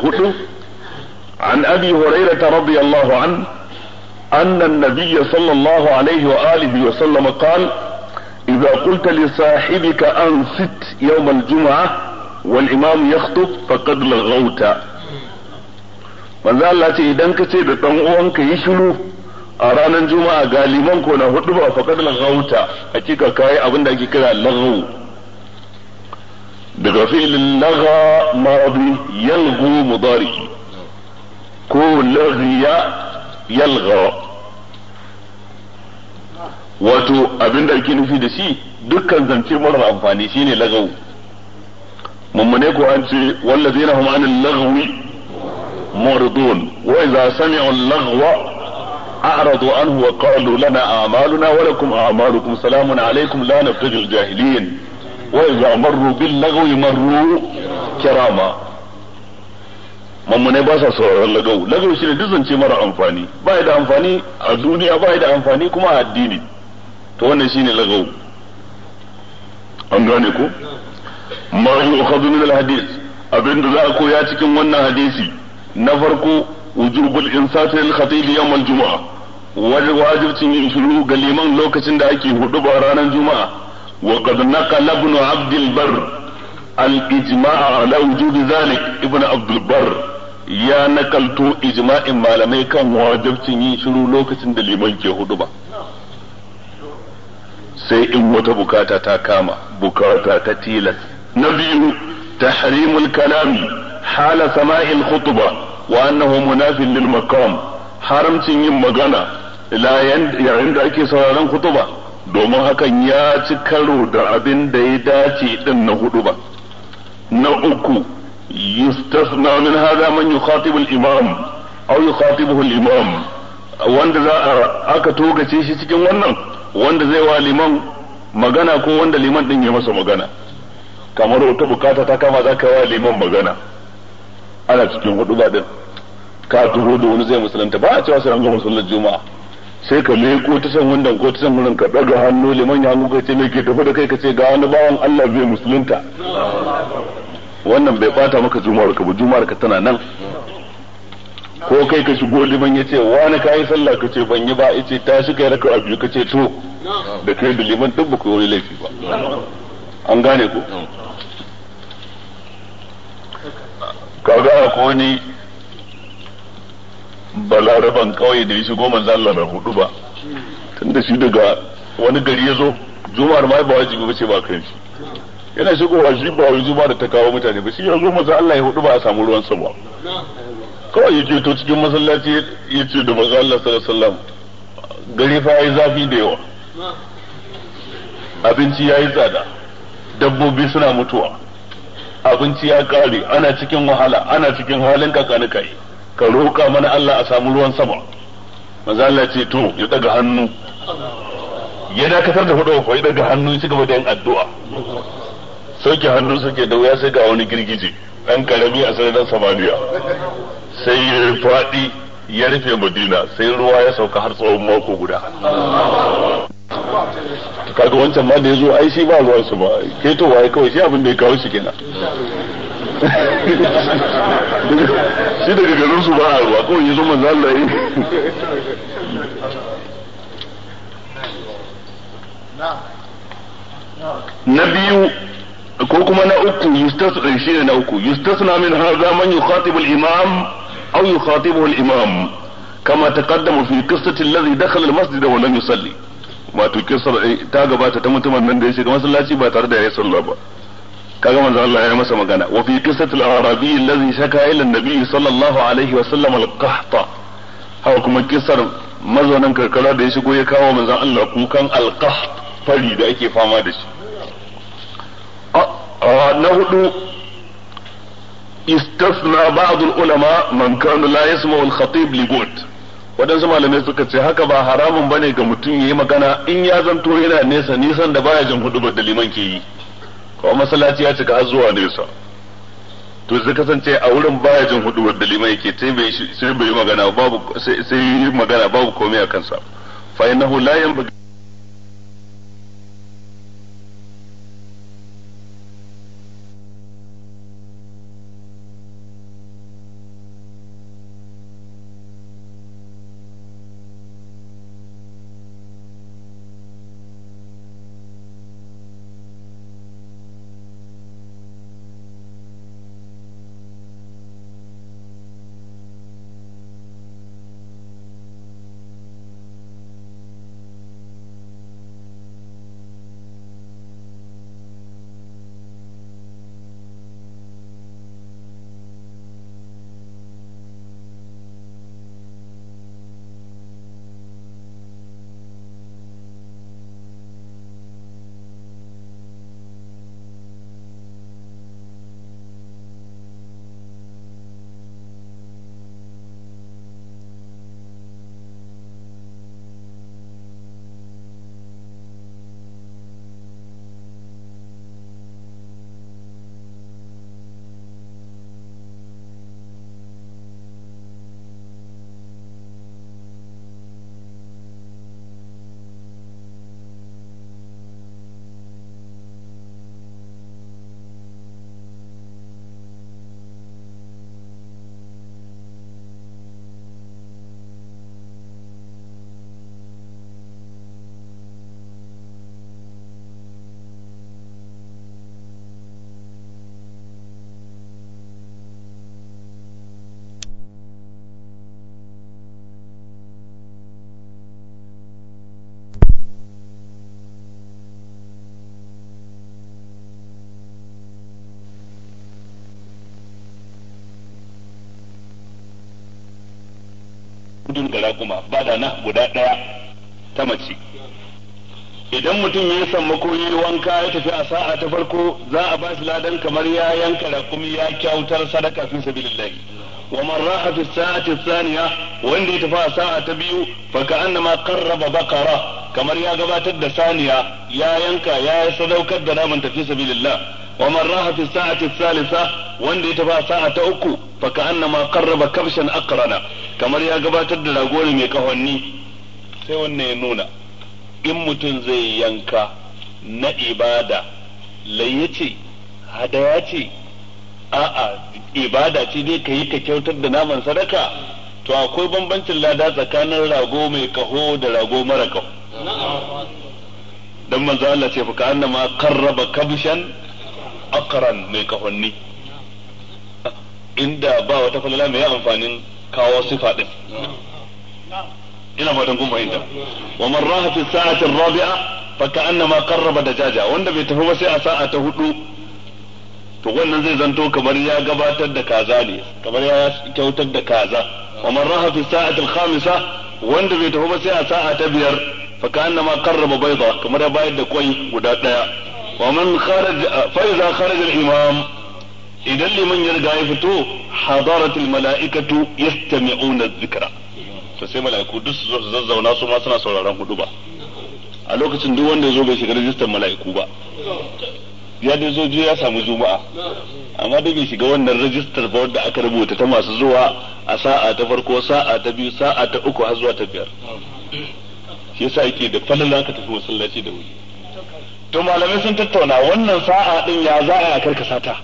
عن أبي هريرة رضي الله عنه أن النبي صلى الله عليه وآله وسلم قال إذا قلت لصاحبك أنست يوم الجمعة والإمام يخطب فقد لغوت manzo Allah ce idan ka ce da dan uwan ka yi shiru a ranar juma'a ga liman ko na hudu ba faqad laghauta hakika kai abin da ake kira laghu daga fi'il lagha maradi yalghu mudari ko laghiya yalgha wato abin da ake nufi da shi dukkan zance marar amfani shine lagau
mummune ko an ce wallazina hum anil lagwi معرضون وإذا سمعوا اللغو أعرضوا عنه وقالوا لنا
أعمالنا ولكم أعمالكم سلام عليكم لا نبتغي الجاهلين وإذا مروا باللغو مروا كراما mammune ba sa sauraron lagau lagau shi ne duk zance mara amfani ba da amfani a duniya ba da amfani kuma a addini to wannan shi ne lagau an gane ko ma yu'khadhu min al hadis abinda za a koya cikin wannan hadisi na farko wujubul insati lil khatib yawm al jumu'a wajibcin yin shiru ga liman lokacin da ake hudu ba ranar juma'a wa qad naqala ibn abd al bar al ijma'a ala wujub zalik ibn abd al bar ya nakalto ijma'in malamai kan wajibcin yin shiru lokacin da liman ke hudu ba sai in wata bukata ta kama bukata ta tilas na biyu tahrimul kalami hala sama'il khutbah wa annahu munafin lil maqam haramcin yin magana yayin da ake sauraron kutuba domin hakan ya ci karo da abin da ya dace din na hudu ba na uku yustasna min hada man yukhatibu al-imam aw yukhatibuhu al-imam wanda za a aka togace shi cikin wannan wanda zai wa liman magana ko wanda liman din ya masa magana kamar wata bukata ta kama za ka wa liman magana ana cikin hudu ba din ka tuho da wani zai musulunta ba a cewa sai an ga musulun juma'a sai ka ko ta san wanda ko ta san wurin ka daga hannu liman ya hannu ka ce me ke tafi da kai ka ce ga wani bawan Allah bai musulunta wannan bai bata maka juma'ar ka ba juma'ar ka tana nan ko kai ka shigo liman ya ce wani ka yi sallah ka ce ban yi ba ya ce ta shi kai raka abu ka ce to da kai da liman duk ba ku yi laifi ba an gane ko kaga ko ni balaraban kawai da ya shigo manzo Allah da hudu ba tunda shi daga wani gari ya zo juma'ar mai ba wajibi ba ce ba kan shi yana shigo wajibi ba wajibi juma'a da ta kawo mutane ba shi ya zo manzo Allah ya hudu ba a samu ruwan sama kawai yake to cikin masallaci ya ce da manzo Allah sallallahu alaihi wasallam gari fa yayi zafi da yawa abinci yayi tsada dabbobi suna mutuwa abinci ya kare ana cikin wahala ana cikin halin kani kai ka roƙa mana Allah a samu ruwan sama manzo Allah ce to ya daga hannu ya dakatar da hudu ko ya daga hannu shi gaba da yin addu'a sauke hannu soke da wuya sai ga wani girgije dan karami a sararin samaniya sai ya faɗi ya rufe madina sai ruwa ya sauka har tsawon mako guda kaga wancan ma da ya zo ai shi ba ruwan su ba to waye kawai shi abin
da ya kawo shi kenan shi daga garin su ba a ruwa kawai ya zo manzo Allah yi na biyu
ko kuma na uku yustasna eh, shi ne na uku na min har man yukhatibu al-imam أو يخاطبه الإمام كما تقدم في قصة الذي دخل المسجد ولم يصلي ta gabata ta mutumin nan da ya shiga masallaci ba tare da ya sallah ba kaga manzo masa magana wa fi qissatil arabi allazi kuma kisar mazaunan karkara da ya ya kawo manzo kukan al da ake fama da shi استثنى بعض العلماء من كان لا يسمع الخطيب لغوت waɗansu malamai suka ce haka ba haramun bane ga mutum ya yi magana in ya zanto yana nesa nisan da baya jin hudu da liman ke yi kuma masallaci ya cika har zuwa nesa to sai kasance a wurin baya jin hudu da liman yake sai bai sai bai magana babu sai magana babu komai a kansa fa innahu la yanbaghi hudu da raƙuma ba da na guda ɗaya ta mace idan mutum ya samu ko yi wanka ya tafi a sa'a ta farko za a ba shi ladan kamar ya yanka raƙumi ya kyautar sadaka fi sabilillah wa man raha fi sa'ati thaniya wanda ya tafi a sa'a ta biyu fa ka'annama qarraba baqara kamar ya gabatar da saniya ya yanka ya sadaukar da naman tafi sabilillah ومن wanda ya tafi a sa'a ta uku ساعة أكو فكأنما قرب كبشا أقرنا kamar ya gabatar da rago mai kahonni sai wannan ya nuna in mutum zai yanka na ibada laye ce hadaya ce a'a ibada ce dai ka yi ka kyautar da naman sadaka to akwai bambancin lada tsakanin rago mai kaho da rago mara kaho dan manzo Allah ce fuka annama karraba kabshan akran mai kahonni inda ba wata falala mai amfanin kawo sifa din ina fatan kun fahimta wa man raha fi sa'ati rabi'a fa ka'annama qarraba dajaja wanda bai tafi ba sai a sa'a ta hudu to wannan zai zanto kamar ya gabatar da kaza ne kamar ya kyautar da kaza wa man raha fi sa'ati al-khamisa wanda bai tafi ba sai a sa'a ta biyar fa ka'annama qarraba bayda kamar ya bayar da kwai guda daya wa man kharaja fa iza kharaja al-imam idan liman ya riga ya fito hadaratul mala'ikatu yastami'una dhikra to sai mala'iku duk su zo su zazzauna su ma suna sauraron hudu ba a lokacin duk wanda ya zo bai shiga rajistar mala'iku ba ya dai zo ya samu juma'a amma dai bai shiga wannan rajistar ba wadda aka rubuta ta masu zuwa a sa'a ta farko sa'a ta biyu sa'a ta uku har zuwa ta biyar shi yasa yake da fallan ka tafi masallaci da wuri to malamai sun tattauna wannan sa'a din ya za a karkasa ta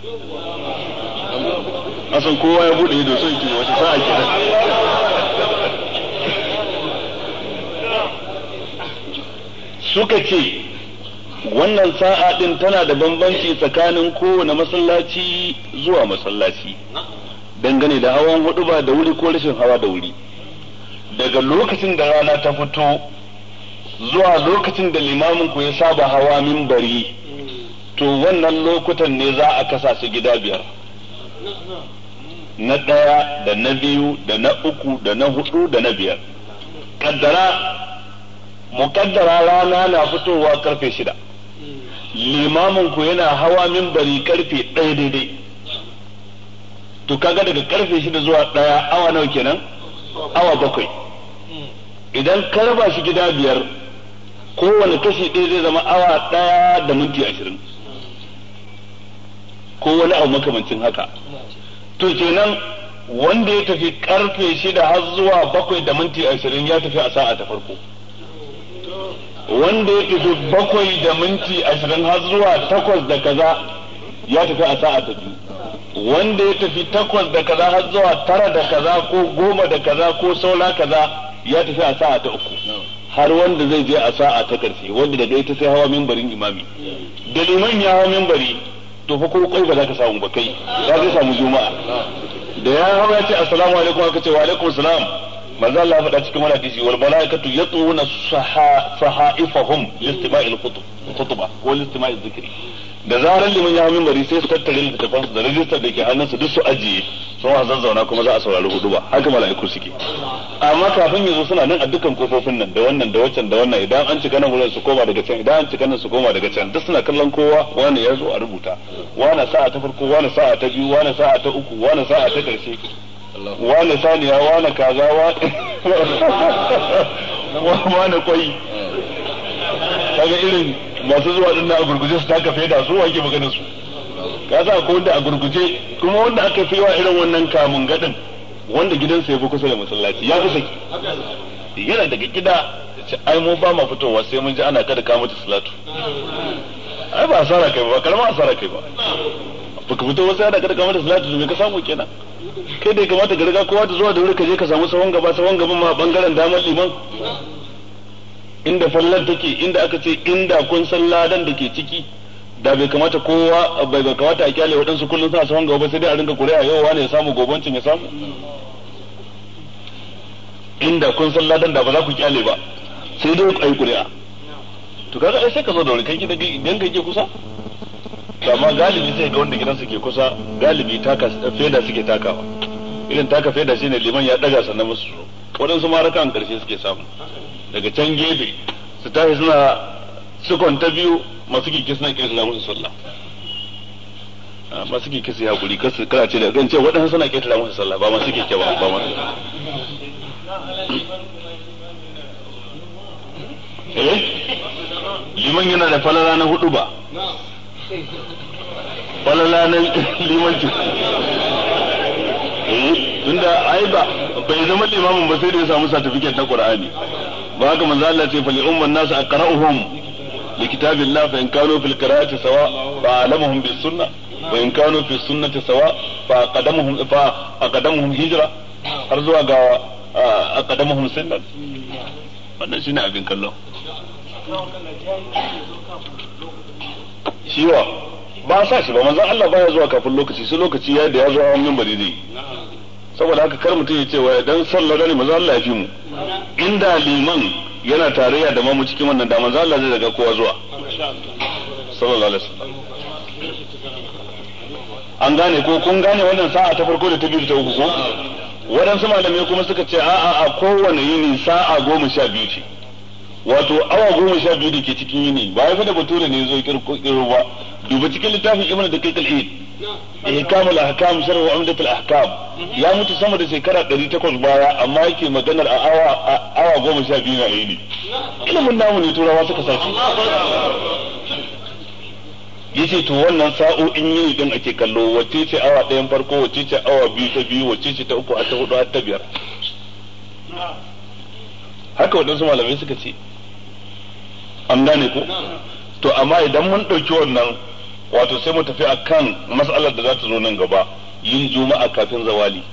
asan kowa ya bude ido sai ki wata sa'a kenan suka ce wannan sa'a din tana da bambanci tsakanin kowane masallaci zuwa masallaci dangane da hawan hudu ba da wuri ko rashin hawa da wuri daga lokacin da rana ta fito zuwa lokacin da limamin ku ya saba hawa mimbari to wannan lokutan ne za a kasa su gida biyar na ɗaya da na biyu da na uku da na hudu da na biyar kaddara mukaddara rana na fitowa karfe shida limamin yana hawa minbari karfe ɗaya daidai to kaga daga karfe shida zuwa ɗaya awa nawa kenan awa bakwai idan karba shi gida biyar kowane kashi ɗaya zai zama awa ɗaya da minti ashirin ko wani abu makamancin haka to kenan wanda ya tafi karfe shida har zuwa bakwai da minti ashirin ya tafi a sa'a ta farko wanda ya tafi bakwai da minti ashirin har zuwa takwas da kaza ya tafi a sa'a ta biyu wanda ya tafi takwas da kaza har zuwa tara da kaza ko goma da kaza ko saula kaza ya tafi a sa'a ta uku har wanda zai je a sa'a ta karshe wanda daga ita sai hawa mimbarin imami da liman ya hawa mimbari to fa ko kai ba za ka samu ba kai za ka samu juma'a da ya hau ya ce assalamu alaikum aka ce wa alaikum salam manzo Allah ya faɗa cikin wani hadisi wal malaikatu yatuna sahaifahum listima'il khutba wal listima'il dhikri da zarar liman ya min bari sai su tattare tafansu da rajistar da ke hannunsu duk su ajiye sun a zazzauna kuma za a saurari hudu ba haka mala'iku suke amma kafin yanzu suna nan a dukkan kofofin nan da wannan da waccan da wannan idan an cika nan wurin su koma daga can idan an cika nan su koma daga can duk suna kallon kowa wani ya zo a rubuta wani sa'a ta farko wani sa'a ta biyu wani sa'a ta uku wani sa'a ta karshe wani saniya wani kaza wani kwai kaga irin masu zuwa din na gurguje su taka fiye da su wake maganin su ka sa ko wanda a gurguje kuma wanda aka fi wa irin wannan kamun gadin wanda gidansa ya fi kusa da masallaci ya fi
saki
yana daga gida ai mu ba ma fitowa sai mun ji ana kada ka mutu salatu ai ba asara kai ba karama asara kai ba baka fito wasu ana kada ka mutu salatu me ka samu kenan kai da ya kamata ka riga kowa da zuwa da wuri ka je ka samu sahun gaba sahun gaban ma bangaren damar liman inda fallar take inda aka ce inda kun san ladan da ke ciki da bai kamata kowa bai kamata a kyale waɗansu kullum suna hanga gaba sai dai a ringa kuri'a yau wani ya samu gobancin ya samu inda kun san ladan da ba za ku kyale ba sai dai ai kuri'a to kaga ai sai ka zo da wuri kai gidan idan kai ke kusa to amma galibi sai ga wanda gidansa ke kusa galibi taka feda suke takawa irin taka feda shine liman ya daga sannan musu waɗansu ma rakan karshe suke samu daga can gefe su tashi suna sukon ta biyu masu kike na ƙetare lamun sallah ah, masu kike ya guri kasu su kara ce da zan ce waɗansu suna ƙetare lamun sallah ba masu kike ba ba masu
eh liman yana da falala na hudu ba
falala na limanci eh, tunda ai ba bai zama limamin ba sai da ya samu satifiket na Qur'ani ba haka manzo Allah ce fali umman nas aqra'uhum li kitabillah fa in kanu fil qira'ati sawa fa alamuhum bis sunnah wa in kanu fi sunnati sawa fa aqdamuhum fa aqdamuhum hijra har zuwa ga aqdamuhum sunnah wannan shine abin kallo shiwa ba sa shi ba manzo Allah baya zuwa kafin lokaci sai lokaci ya da ya zo a bari zai saboda haka kar mutum ya ce wa dan son lagani maza Allah ya fi mu inda liman yana tarayya da mamu cikin wannan da maza Allah zai daga kowa zuwa sallallahu alaihi wasallam an gane ko kun gane wannan sa'a ta farko da ta biyu ta uku ko waɗansu malamai kuma suka ce a'a a kowane yini sa'a goma sha biyu ce wato awa goma sha biyu da ke cikin yini ba ya fi da bature ne zo kirkiro ba duba cikin littafin imanin da kai kalhid ya kama lahakam sharh wa umdat al ahkam ya mutu sama da shekara 800 baya amma yake maganar a awa awa goma sha biyu na yini ilimin namu ne turawa suka sace yace to wannan sa'o'in yini din ake kallo wacce ce awa ɗayan farko wacce ce awa biyu ta biyu wacce ce ta uku a ta hudu a ta biyar haka waɗansu malamai suka ce an gane ko to amma idan mun ɗauki wannan wato sai mu tafi akan mas'alar da za ta zo nan gaba yin juma'a kafin zawali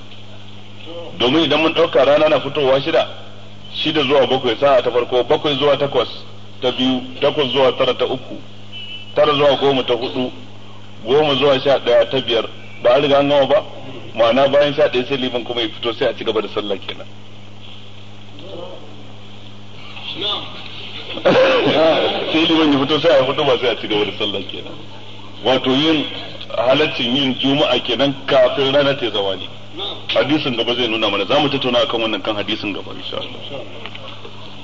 domin idan mun ɗauka rana na fitowa shida shida zuwa bakwai sa'a ta farko bakwai zuwa takwas ta biyu takwas zuwa tara ta uku tara zuwa goma ta hudu goma zuwa sha ɗaya ta biyar ba a riga an gama ba ma'ana bayan sha ɗaya sai liman kuma ya fito sai a ci gaba da sallah kenan sai liman ya fito sai a fito ba sai a ci gaba da sallah kenan wato yin halaccin yin juma'a kenan kafin rana ta zawali hadisin gaba zai nuna mana za mu tattauna akan wannan kan hadisin gaba insha Allah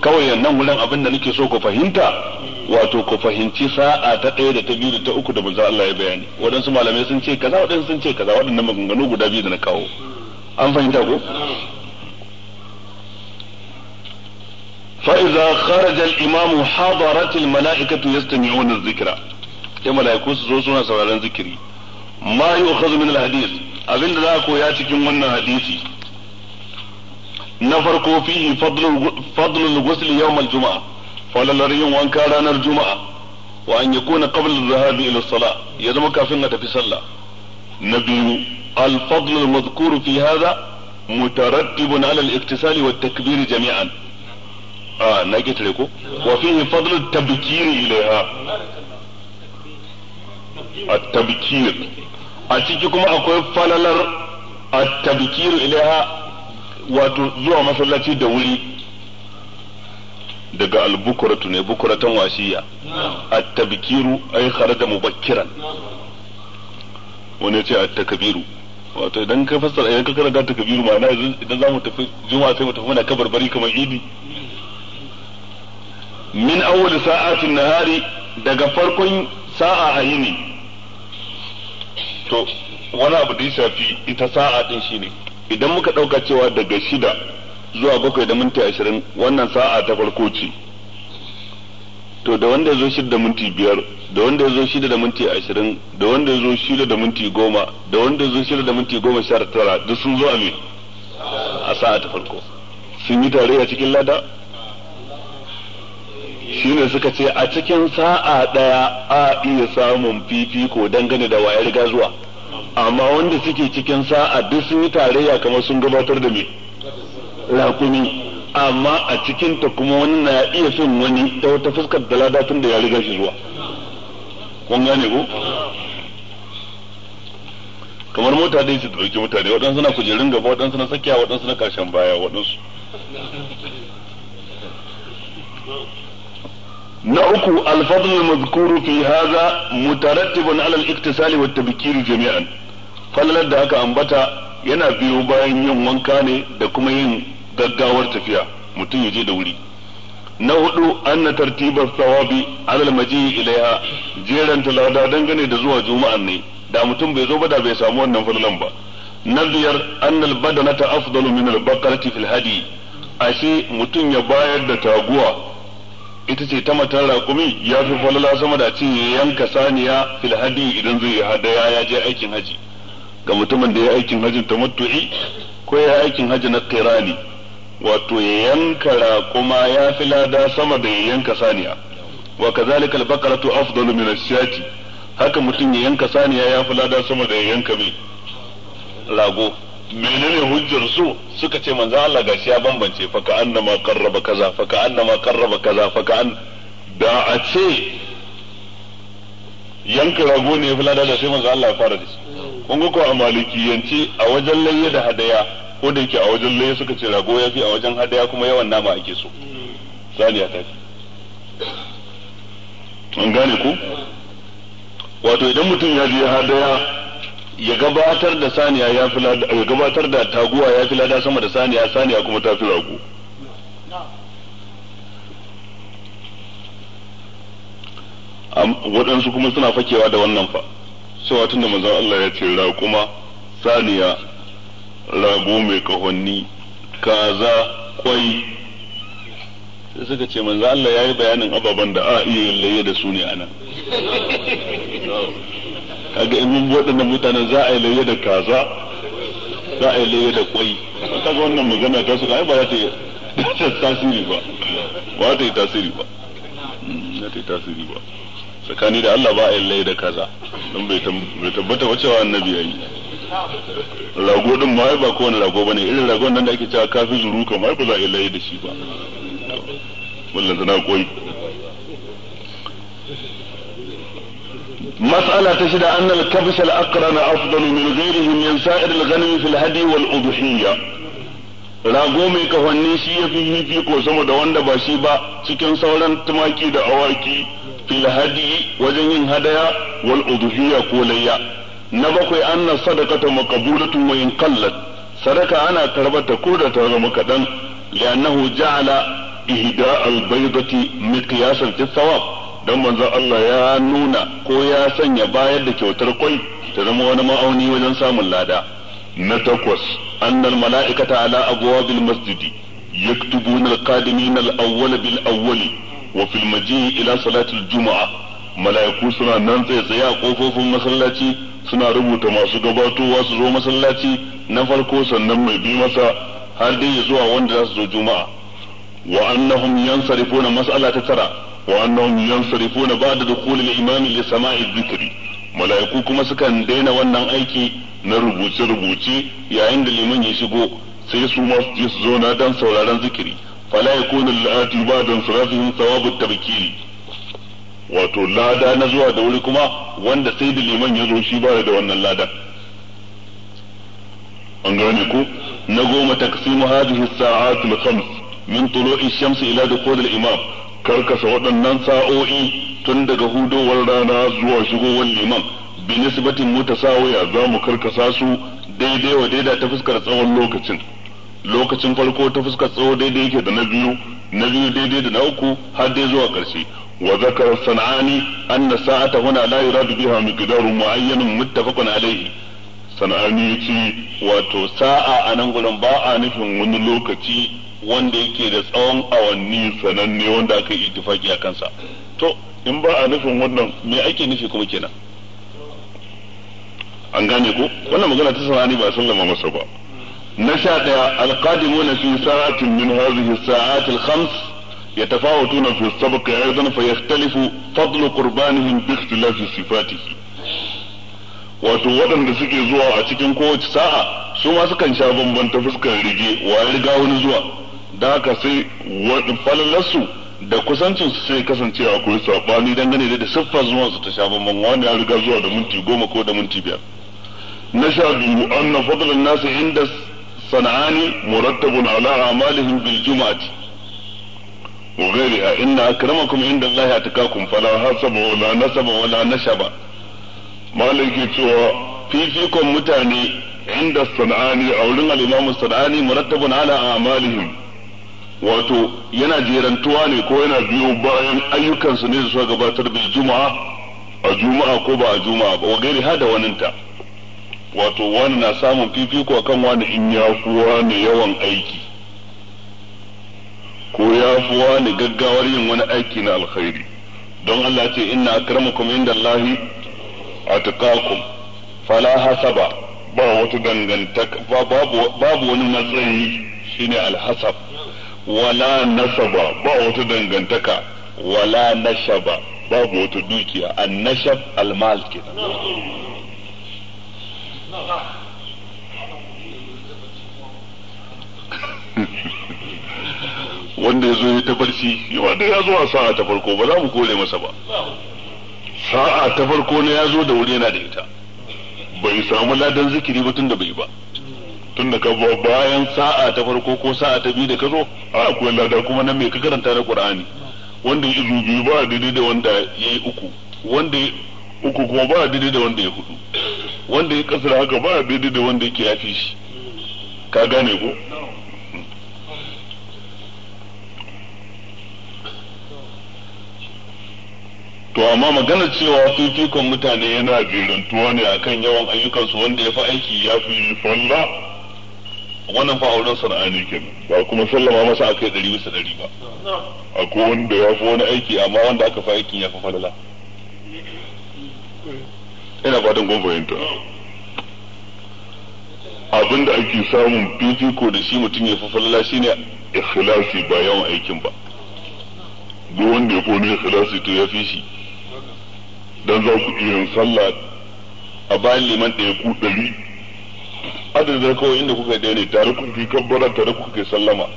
kawai nan wurin abin da nake so ku fahimta wato ku fahimci sa'a ta ɗaya da ta biyu da ta uku da manzo Allah ya bayani waɗansu malamai sun ce kaza waɗansu sun ce kaza waɗannan maganganu guda biyu da na kawo an fahimta ko fa iza kharaja al-imamu hadaratil mala'ikatu yastami'una adh-dhikra sai mala'iku su zo suna sauraron zikiri ma yu'khadhu min al-hadith abinda za a koya cikin wannan hadisi na farko fihi fadlul ghusl yawm al-jum'a falalar yin wanka ranar juma'a wa an yakuna qabla adh-dhahabi ila as-salah ya zama kafin a tafi sallah na biyu al-fadl al-madhkur fi hadha mutarattibun ala al-iktisali wa takbir jami'an ah na kitare ko wa fihi fadl at-tabkir ilayha at-tabkir
a ciki kuma akwai falalar a tabkir ilaha wato zuwa masallaci da wuri daga al-bukuratu ne bukuratan
washiya at-tabkiru ay kharaja mubakkiran wani ya ce at-takbiru wato idan ka fassara idan ka karanta ta kabiru ma'ana idan za mu tafi juma'a sai mu tafi muna kabar bari kamar idi min awwal sa'atin nahari daga farkon sa'a hayini to wani abu da ya shafi ita sa'a din shi ne. idan muka dauka cewa daga shida zuwa bakwai da minti ashirin wannan sa'a ta farko ce to da wanda ya zo shida da minti biyar da wanda ya zo shida da minti ashirin da wanda ya zo shida da minti goma da wanda ya zo shida da minti goma sha tara duk sun zo a me a sa'a ta farko sun yi tarayya cikin lada shine suka ce a cikin sa'a daya a iya samun fifiko dangane da wayar riga zuwa amma wanda suke cikin sa'a duk sun yi tarayya kamar sun gabatar da me rakumi amma a cikin ta kuma wani na iya son wani ta wata fuskar da lada tun da ya riga shi zuwa kun gane ko kamar mota dai su dauki mutane waɗansu na kujerun gaba waɗansu na tsakiya waɗansu na kashen baya
waɗansu na uku al-fadl al-mazkur fi hadha mutarattibun ala al-iktisal wa at-tabkir jami'an fallalar da aka ambata yana biyo bayan yin wanka ne da kuma yin gaggawar tafiya mutum ya je da wuri na hudu anna tartibar
sawabi alal maji ilaiha jeran talada dangane da zuwa juma'an ne da mutum bai zo ba da bai samu wannan falalan ba na biyar annal badanata afdalu min al baqarati fil hadi ashe mutum ya bayar da taguwa ita ce ta matan raƙumi ya fi falala sama da ce yanka saniya fil hadi idan zai yi hadaya ya je aikin haji ga mutumin da ya aikin hajin tamattu'i ko ya aikin haji na qirani wato ya yanka raƙuma ya fi lada sama da ya yanka saniya wa kazalika al-baqaratu afdalu min ash haka mutum ya yanka saniya ya fi lada sama da ya yanka mai rago menene hujjar su suka ce manzo Allah gashi ya bambance fa ka annama qarraba kaza fa ka annama qarraba kaza fa ka an
da a ce yanka rago ne fulada da sai manzo Allah ya fara da shi kun ko a yanci a wajen layya da hadaya ko da yake a wajen layya suka
ce rago yafi a wajen hadaya kuma yawan nama ake so ya ta an gane ku wato idan mutum ya je hadaya ya gabatar da saniya ya fi lada ya gabatar da taguwa ya fi lada sama da saniya
saniya kuma ta fi rago waɗansu kuma suna fakewa da wannan fa cewa tun da manzon Allah ya ce raƙuma saniya rago mai kahonni
kaza kwai sai suka ce manzon Allah ya yi bayanin ababen da a iya yi da su ne a nan. kaga in waɗannan mutanen za a yi laye da kaza za a yi laye da kwai kaga wannan magana ta su ai ba za ta yi tasiri ba ba za ta yi tasiri ba hmm, za ta yi tasiri ba tsakani da Allah ba a yi laye da kaza don bai tabbata wace
wa annabi yayi rago din ma ai ba kowane rago bane irin ragon nan da ake cewa kafi zuru kamar ba za a yi laye da shi ba wallan zana kwai مسألة تجد أن الكبش الأقرن أفضل من غيره من سائر الغنم في الهدي والأضحية
rago mai kafanni shi ya fi fifiko sama da wanda ba shi ba cikin sauran tumaki da awaki fil hadi wajen yin hadaya wal udhiyya ko layya na bakwai anna sadaqata maqbulatun wa in qallat sadaka ana karbata ko da ta
zama kadan li'annahu ja'ala ihda al baydati miqyasan fi thawab dan manzon Allah ya nuna ko ya sanya bayar da kyautar kwai ta zama wani ma'auni wajen samun lada na takwas annal mala'ikata ala abwabil masjidi yaktubuna alqadimin alawwal bil awwali wa fil maji ila juma'a mala'iku suna nan tsaye tsaye a kofofin masallaci suna rubuta masu gabatowa su zo masallaci na farko sannan mai bi masa har dai zuwa wanda za su zo juma'a wa annahum yansarifuna mas'ala ta tara wa
annahum yansarifuna ba'da dukhul al-imam li sama'i mala'iku kuma sukan daina
wannan aiki na rubuce rubuce yayin da liman ya shigo sai su ma su je dan sauraron zikiri fala yakunu al-ati ba'da insirafihim thawabu at-tabkiri wato lada na zuwa da wuri kuma wanda sai da liman ya zo shi ba da wannan lada an gane ku na goma taqsimu hadhihi as-sa'at al-khams min tulu'i ash-shams ila dukhul al-imam karkasa waɗannan sa'o'i tun daga hudowar rana zuwa shigowar liman binisbatin mutasawiya za mu karkasa su daidai wa daida ta fuskar tsawon lokacin lokacin farko ta fuskar tsawo daidai yake da na biyu na biyu daidai da na uku har dai zuwa ƙarshe wa zakar sana'ani anna sa'ata huna la yuradu biha miqdarun mu'ayyanun muttafaqun alayhi sana'ani yace wato sa'a anan gurin ba a nufin wani lokaci wanda yake da tsawon awanni sananne wanda aka yi itifaki a kansa
to in ba a nufin wannan me ake nufi kuma kenan
an gane ko wannan magana ta sanani ba sallama masa ba na sha daya na fi sa'atin min hadhihi ya al-khams يتفاوتون في السبق أيضا فيختلف فضل قربانهم باختلاف صفاته wato waɗanda suke zuwa a cikin kowace sa'a su ma sukan sha bambanta fuskar rige wa ya riga wani zuwa da haka sai falalarsu da kusancin su sai kasance a kuri saɓani dangane da siffar zuwa su ta sha man wani ya riga zuwa da minti goma ko da minti biyar na sha biyu an na fadlan nasu inda sana'ani murattabun ala amalihim bil juma'ati wa a inna akramakum inda Allah atakakum fala hasaba wala nasaba wala nashaba malaki cewa fifikon mutane inda sana'ani a wurin al-imamu sana'ani murattabun ala amalihim wato yana jerantuwa ne ko yana biyo bayan ayyukansu ne su gabatar da juma'a a juma'a ko ba a juma'a ba wa gairi hada waninta wato wani na samun fifiko a kan wani in ya fi wani yawan aiki ko ya fi wani gaggawar yin wani aiki na alkhairi don Allah ce inna akramakum a atqakum fala hasaba ba wata dangantaka babu wani matsayi shine alhasab wala nasaba ba wata dangantaka wala nashaba babu wata dukiya an nashab almal kenan wanda ya zo ya tabarci yawa da ya zo a sa'a ta farko ba za mu kore masa ba sa'a ta farko na ya zo da wuri yana da ita bai samu ladan zikiri ba tun da bai ba tun da ka bayan sa'a ta farko ko sa'a ta biyu da ka zo a akwai lada kuma nan mai ka karanta na qur'ani wanda ya izu biyu ba daidai da wanda ya yi uku wanda uku kuma ba daidai da wanda ya hudu wanda ya kasar haka ba daidai da wanda yake yafi shi ka gane ko to amma magana cewa fifikon mutane yana jirantuwa ne akan yawan ayyukansu wanda ya fi aiki ya fi falla wannan fa auren sana'ani kenan ba kuma sallama masa kai ɗari bisa ɗari ba A ko wanda ya fi wani aiki amma wanda aka fi aikin ya fi falala ina fatan kun fahimta abin da ake samun fifiko da shi mutum ya fi falala shine ikhlasi ba yawan aikin ba duk wanda ya fi ikhlasi to ya fi shi dan za ku iya sallah a bayan liman ɗaya ku ɗari adadin kawai inda kuka daina ne tare kuka yi kabbara tare kuka ke sallama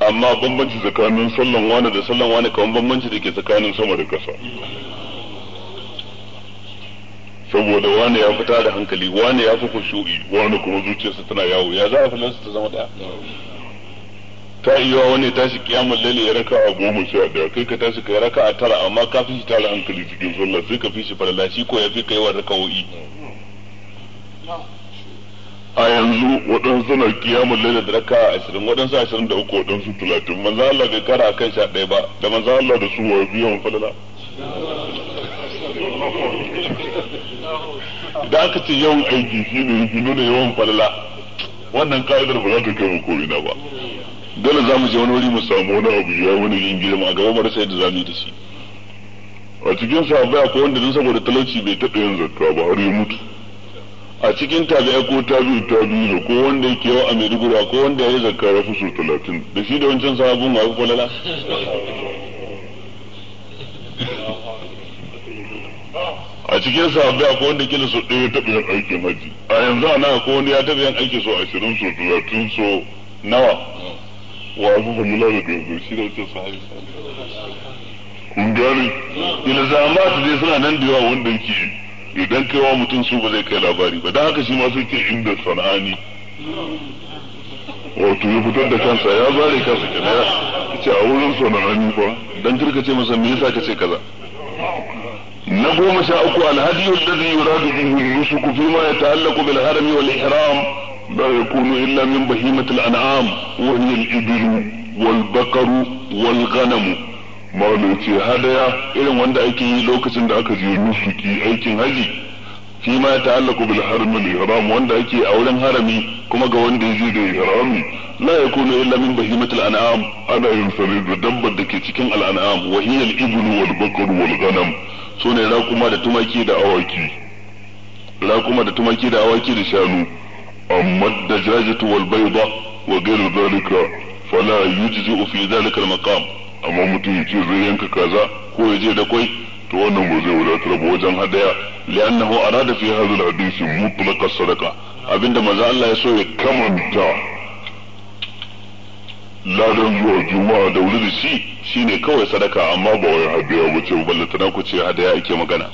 amma bambanci tsakanin sallan wani da sallan wani kamar bambanci da ke tsakanin sama da ƙasa saboda wani ya fita da hankali wani ya fi kushu'i wani kuma zuciyarsa tana yawo ya za a nasu ta zama ɗaya ta iya wani tashi kiyamar lele ya raka a goma sha daya kai ka tashi ka raka a tara amma ka fi shi tara hankali cikin sallah sai ka fi shi farlashi ko ya fi kai wa rakawo'i a yanzu waɗansu na kiyamun laila da raka ashirin waɗansu ashirin da uku waɗansu talatin manzo Allah bai kara a kan sha ɗaya ba da manzo Allah da su wa biyan falala da aka ce yawan aiki shi ne yake nuna yawan falala wannan ka'idar ba za ta kai muku ina ba dole za mu je wani wuri mu samu wani abu ya wani yin girma a gaba marasa yadda za mu yi da shi a cikin baya akwai wanda don saboda talauci bai taɓa yin zattuwa ba har ya mutu a cikin tabi'a ko tabi'u tabi'u ne ko wanda yake yawa a Maiduguri ko wanda ya zakara su 30 da shi da wancan sahabin wa ko lala a cikin sahabbai akwai wanda kila su ɗaya taɓa yin aikin haji a yanzu ana akwai wanda ya taɓa yin aiki so ashirin so talatin so nawa wa abu mula da dogo shi da wancan sahabi kun zama su dai suna nan da yawa wanda yake idan kaiwa mutum su ba zai kai labari ba don haka shi ma sai ke inda sana'ani wato ya fitar da kansa ya zare kansa ke ya ce a wurin sana'ani ba dan kirka ce masa me yasa ka ce kaza na goma sha uku alhadi alladhi yuradu bihi yusuku fi ma ta'allaku bil harami wal ihram la yakunu illa min bahimatil an'am wa hiya al-ibl wal baqaru wal ghanamu maula ce hadaya irin wanda ake yi lokacin da aka ziyarci nusuki aikin haji shi ma ya ta'allaku bil haramil ihram wanda ake a wurin harami kuma ga wanda ya je da ihrami la yakunu illa min bahimatil an'am ana yin sare da dabbar da ke cikin an'am wa hiya al-iblu wal bakr wal ghanam sune kuma da tumaki da awaki kuma da tumaki da awaki da shanu amma dajajatu wal bayda wa ghayr dhalika fala yujzi'u fi dhalika al-maqam amma mutum ya ce zai yanka kaza ko ya je da kwai to wannan ba zai wadatar ba wajen hadaya li'annahu arada fi hadha al-hadith as sadaqa abinda manzo Allah ya so ya kamanta ladan zuwa juma'a da wuri da shi shine kawai sadaka amma ba wai hadiya ba ce ku ce hadaya ake magana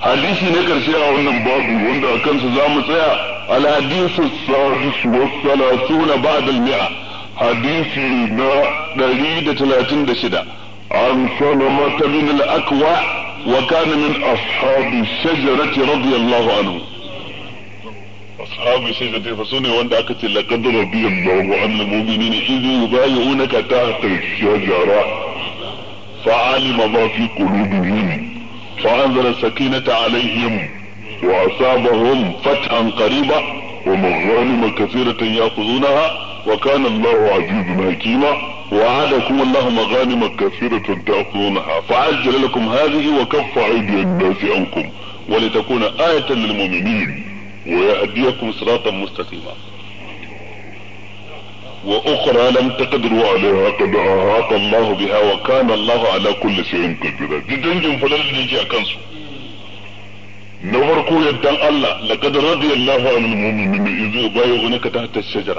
hadisi ne karshe a wannan babu wanda a kansa za mu tsaya al-hadithu as-sadis was-salasuna ba'da al-mi'a حديث دليل تلاتين دشدة عن سلمة بن الأكوع وكان من أصحاب الشجرة رضي الله عنه أصحاب الشجرة فسوني وانت أكت لقد رضي الله عن المؤمنين إذ يبايعونك تحت الشجرة فعلم ما في قلوبهم فأنزل السكينة عليهم وأصابهم فتحا قريبا ومغانم كثيرة يأخذونها وكان الله عزيزا حكيما وعدكم الله مغانم كثيرة تأخذونها فعجل لكم هذه وكف أيدي الناس عنكم ولتكون آية للمؤمنين ويهديكم صراطا مستقيما واخرى لم تقدروا عليها قد احاط الله بها وكان الله على كل شيء قدير دي دنجin fulan da yake akan su na farko yaddan Allah laqad radiyallahu anil mu'minina idh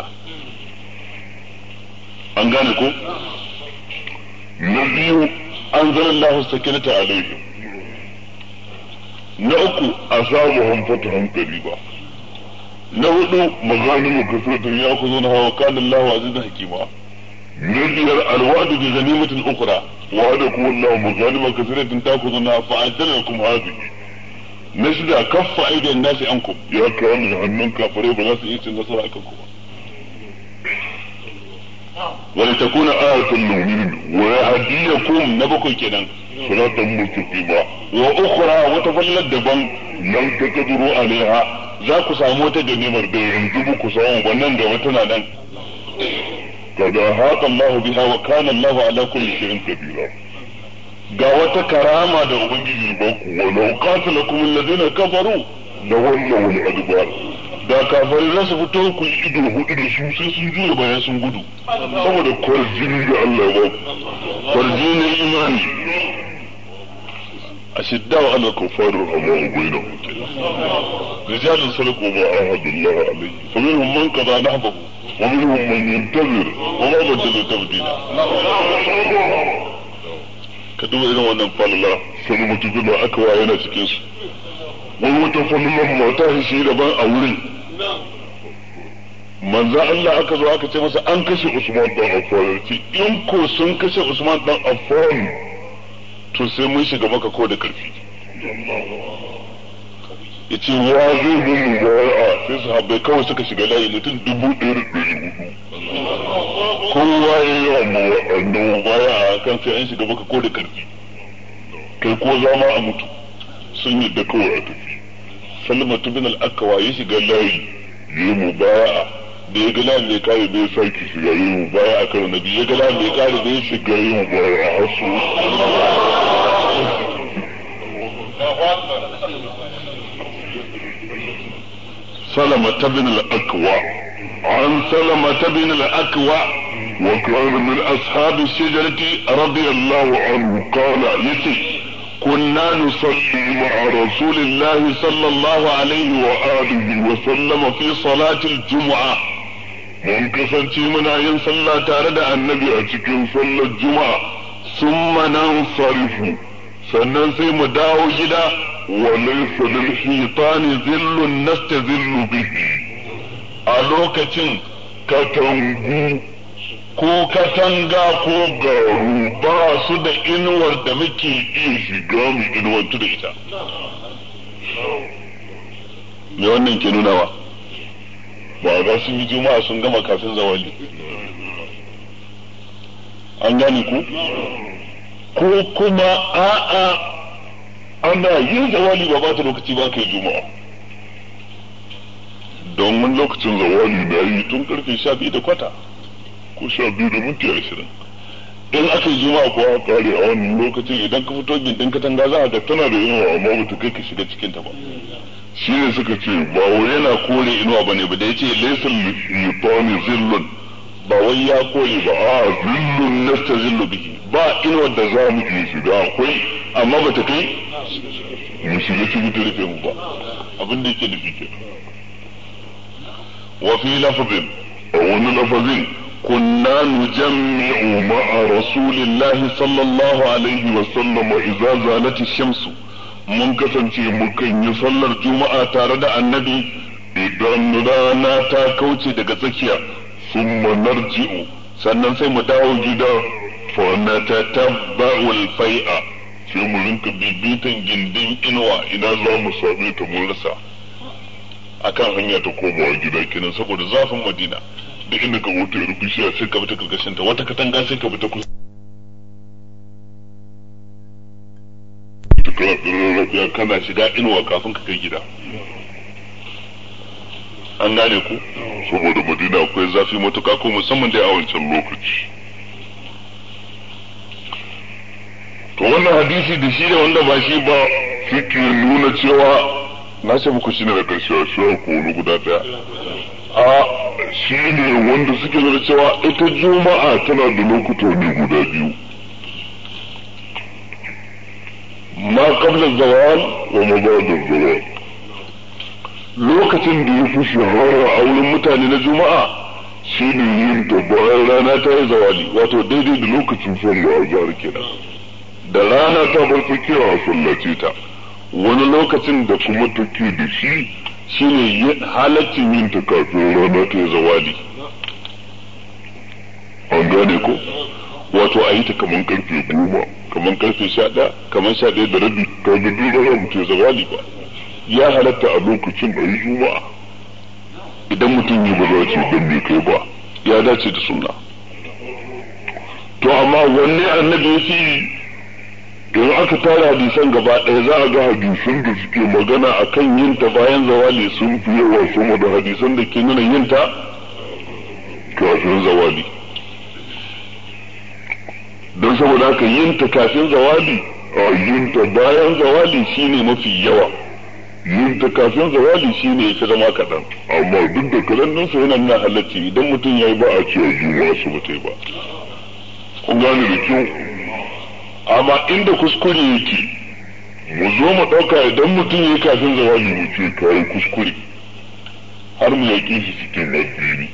an gane ko na biyu an zara Allah sakinata alaihi na uku asabuhum fatuhum qariba na hudu maganin kafiratun ya ku zuna hawa kana Allah azizun hakima na biyar alwa'du bi ghanimatin ukhra wa hadakum Allah maganin kafiratun ta ku zuna fa'adalakum hadhihi na shida kaffa aidan nasi ankum ya kai wannan hannun kafirai ba za su iya cin nasara akan ku ba Wani takuna ayatan lil mu'minin wa yahdiyakum na bakwai kenan siratan ba. wa ukura wata fallar daban lam a alaiha za ku samu wata ganimar da yanzu ku samu ba nan gaba tana nan kada haka Allah biha wa kana Allah ala kulli shay'in kabira ga wata karama da ubangiji ba ku wa law qatalakum alladhina kafaru la wallaw wani adbar da kafari za su fito ku yi ido hudu da su sai sun jure bayan sun gudu saboda kwarjini da Allah ba kwarjini imani a shidda wa ana kafarar hama a gwina da jajin sarko ba a hadin na alai kamar man ka za na haɓa kamar man yantarir kuma ba da da tabbina ka duba irin wannan aka wa yana cikinsu wani wata falla mata shi daban a wurin manzan Allah aka zo aka ce masa an kashe Usman dan Affan in ko sun kashe Usman dan Affan to sai mun shiga maka ko da karfi yace wa zai bi mu jara'a sai sahabbai kawai suka shiga layi mutum dubu ɗaya da ɗari hudu kowa ya yi wannan baya kan sai an shiga maka ko da karfi kai ko zama a mutu sun yi da kawai a tafi salmatu bin al'akawa ya shiga layi ya mu baya da ya ga layin da ya kare da ya sake shiga ya mu baya a karo na biyu ya ga layin da ya kare da ya shiga ya mu baya a hasu سلمة بن الأكوع عن سلمة بن الأكوع وكان من أصحاب الشجرة رضي الله عنه قال يسي كنا نصلي مع رسول الله صلى الله عليه وآله وسلم في صلاة الجمعة من قصد من آيان صلى تارد النبي أتكين صلى الجمعة ثم ننصرف سننسي مداو جدا وليس للحيطان ذل نستذل به ألوكتين كتنبو ko katanga ko garu ba su da inuwar da muke iya shiga mu inuwantu da ita me wannan ke nuna ba ga sun yi juma'a sun gama kafin zawali an gane ku ko kuma a'a ana yin zawali ba ba ta lokaci ba ka yi juma'a domin lokacin zawali na yi tun karfe sha biyu da kwata ko sha biyu da minti ashirin in aka yi juma'a ko aka kare a wannan lokacin idan ka fito gindin katanga za a ga tana da inuwa amma ba ta kai ka shiga cikin ta ba shi ne suka ce ba wai yana kore inuwa ba ne ba da ya ce laysal yutani zillun ba wai ya koyi ba a zillun zillu bihi ba inuwa da za mu iya shiga akwai amma ba ta kai mu shiga cikin ta rufe mu ba abin da yake nufi ke wa fi lafazin a wani lafazin كنا نجمع مع رسول الله صلى الله عليه وسلم زالت الشمس mun kasance mukan yi sallar juma'a tare da annabi idan rana ta kauce daga tsakiya sun narji'u sannan sai mu dawo gida fa na tatabba'ul fai'a sai mu rinka bibitan gindin inuwa idan za mu same ta mun rasa akan hanya ta komawa gida kenan saboda zafin madina duk inda ka wuce rubuciya sai ka bi ta karkashin ta wata katanga sai ka bi ta kusa ya kana shiga inuwa kafin ka kai gida an gane ku saboda madina akwai zafi matuka ko musamman da a wancan lokaci to wannan hadisi da shi da wanda ba shi ba shi nuna cewa na ce muku shi ne da karshe shi ko wani guda daya a shi ne wanda suke zara cewa ita juma'a tana da lokuta ne guda biyu ma qabla zawal wa ma ba'da zawal lokacin da ya fi shahara a wurin mutane na juma'a shi ne yin ta bayan rana ta yi zawali wato daidai da lokacin sallah a jihar kenan da rana ta bar kewa a sallace ta wani lokacin da kuma take da shi ne halaccin yin ta kafin rana ta zawadi an gane ko wato a yi ta kaman karfe goma kaman karfe sha ɗaya kaman sha ɗaya da rabi ta gudu rana mutum zawadi ba ya halatta a lokacin a yi juma'a idan mutum yi ce don bai kai ba ya dace da suna. to amma wanne annabi ya fi idan aka tara hadisan gaba ɗaya za a ga hadisan da suke magana a kan yinta bayan zawali sun fi yawa sama da hadisan da ke nuna yinta kafin zawali don saboda haka yinta kafin zawali a yinta bayan zawali shine mafi yawa yinta kafin zawali shine ya fi zama kaɗan amma duk da kaɗan yana nuna halacci idan mutum ya yi ba a ce a juma'a su yi ba kun gane da kyau amma inda kuskure yake mu zo mu ɗauka idan mutum ya yi kafin jawabi mu ce yi kuskure har mu yaƙi shi cikin addini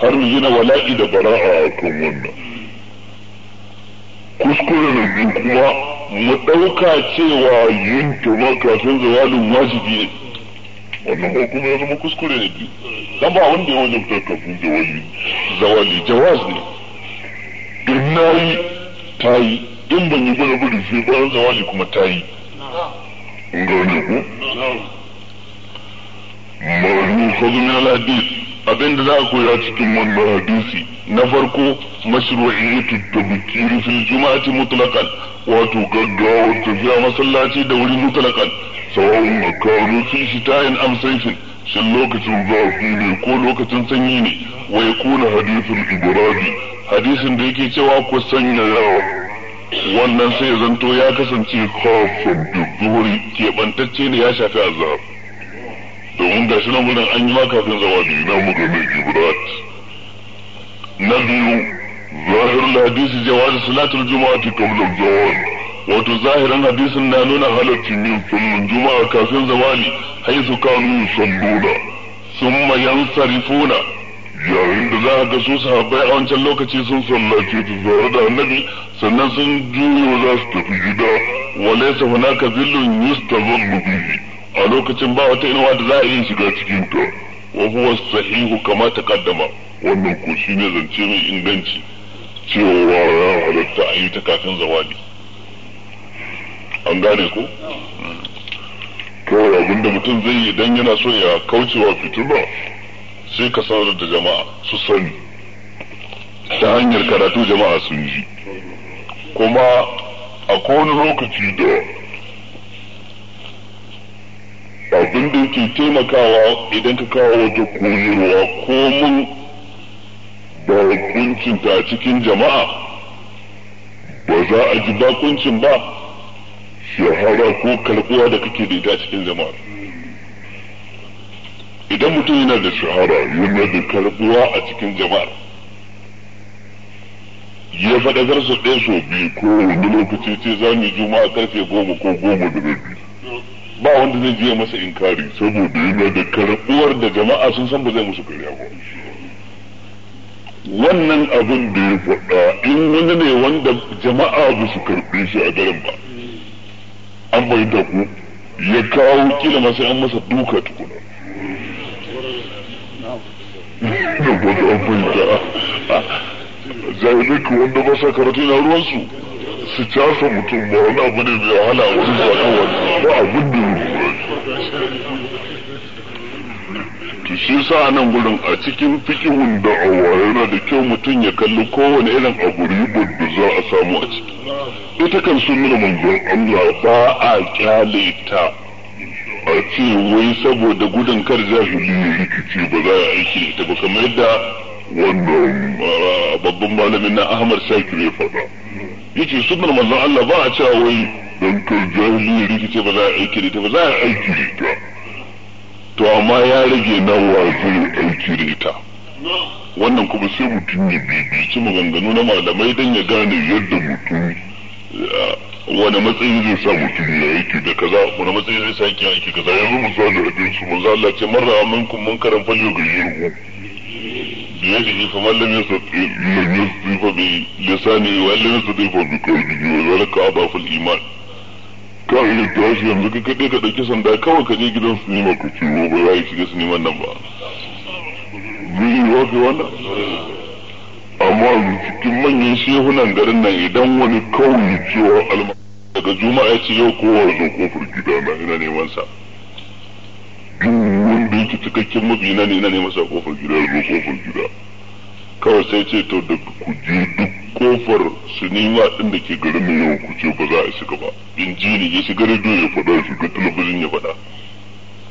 har mu gina wala'i da bara'a a kan wannan kuskure na biyu kuma mu ɗauka cewa yin tuma kafin jawabin wajibi ne wannan ko kuma ya zama kuskure na biyu dan ba wanda ya wajabta kafin jawabi zawali jawaz ne in na yi ta yi in ban yi ba da shi ba rantsawa ne kuma ta yi in ga wani ku ma'azu kwazun ya hadis abinda za a koya cikin wannan hadisi na farko mashru'i ita tabbatir fil juma'ati mutlaqan wato gaggawar tafiya masallaci da wuri mutlaqan sawa'un akalu shi ta yin sayfin shin lokacin zafi ne ko lokacin sanyi ne wa kuna hadisin ibrahim hadisin da yake cewa ku sanya yawa wannan sai zanto ya kasance kafin duhuri keɓantacce ne ya shafi azhar domin gashi nan wurin an yi ma kafin biyu na Mugabe gibrat na biyu zahirin ظاهر الحديث جواز juma'a الجمعة قبل الزوال wato zahirin hadisin na nuna halaccin yin sunan juma'a kafin zawali haisu kanu sun summa yansarifuna yayin da za a ga su sahabbai a wancan lokaci sun sallace su zuwa da annabi sannan sun juyo za su tafi gida wale sa ka zillun yustazallu bihi a lokacin ba wata inuwa da za a yi shiga cikin ta wa huwa sahihu kama kaddama. wannan ko ne zance mai inganci cewa ya halatta a yi ta kafin zawadi an gane ko kawai abinda mutum zai yi idan yana so ya kaucewa fitina sai ka sanar da jama'a su sani ta hanyar karatu jama'a sun ji kuma a kowane lokaci da abin da yake taimakawa idan ka kawo wata koyarwa ko mun da hukuncinta a cikin jama'a ba za a ji bakuncin ba shahara ko karbuwa da kake da ita cikin jama'a idan mutum yana da shahara yana da karbuwa a cikin jama'ar ya faɗa garsa ɗaya sau biyu ko wani lokaci ce za mu juma'a karfe goma ko goma da rabi ba wanda zai je masa inkari saboda yana da karbuwar da jama'a sun san ba zai musu karya ba wannan abin da ya faɗa in wani ne wanda jama'a ba su karɓe shi a daren ba an bai ku ya kawo kila masu an masa duka tukuna da wani abin da jahilai ku wanda ba sa karatu na ruwan su su casa mutum ba wani abu ne mai wahala a wurin zaɓen wani ba abin da ne to shi sa nan gudun a cikin fikihun da awa yana da kyau mutum ya kalli kowane irin abu ribar da za a samu a ciki ita kan sun nuna manzon Allah ba a kyale ta a ce wai saboda gudun kar jahili ya rikice ba za a aiki da ita ba kamar yadda wannan ah, babban malamin na Ahmad Saki ya faɗa yace sunan manzon Allah ba a cewa wai dan kar jahili ya rikice ba za a aiki da ita ba za a aiki da ita to amma ya rage nawa zai aiki da ita wannan kuma sai mutum ya bibici maganganu na malamai don ya gane yadda mutum wani matsayin zai sa mutum ya aiki da kaza wani matsayin zai sa yake aiki kaza yanzu mu zuwa da rabin su za Allah ce marra minkum munkaran falyu gayyirhu بيده فمن لم يستطع لم يستطع بلسانه ومن لم يستطع فبقلبه وذلك iman ka yi da tashi yanzu ka kade ka ɗauki sanda kawai ka je gidan su nema ku ciwo ba za ka shiga su neman nan ba zai yi wa wannan amma cikin manyan shehunan garin nan idan wani kawai cewa alma daga juma'a ce yau kowa zo kofar gida na ina neman sa wanda yake cikakken mabi na ne ina neman sa kofar gida zo kofar gida kawai sai ce to da ku je duk kofar nema din da ke garin nan yau ku ce ba za a shiga ba in ji ne ya shiga rediyo ya faɗa shiga talabijin ya faɗa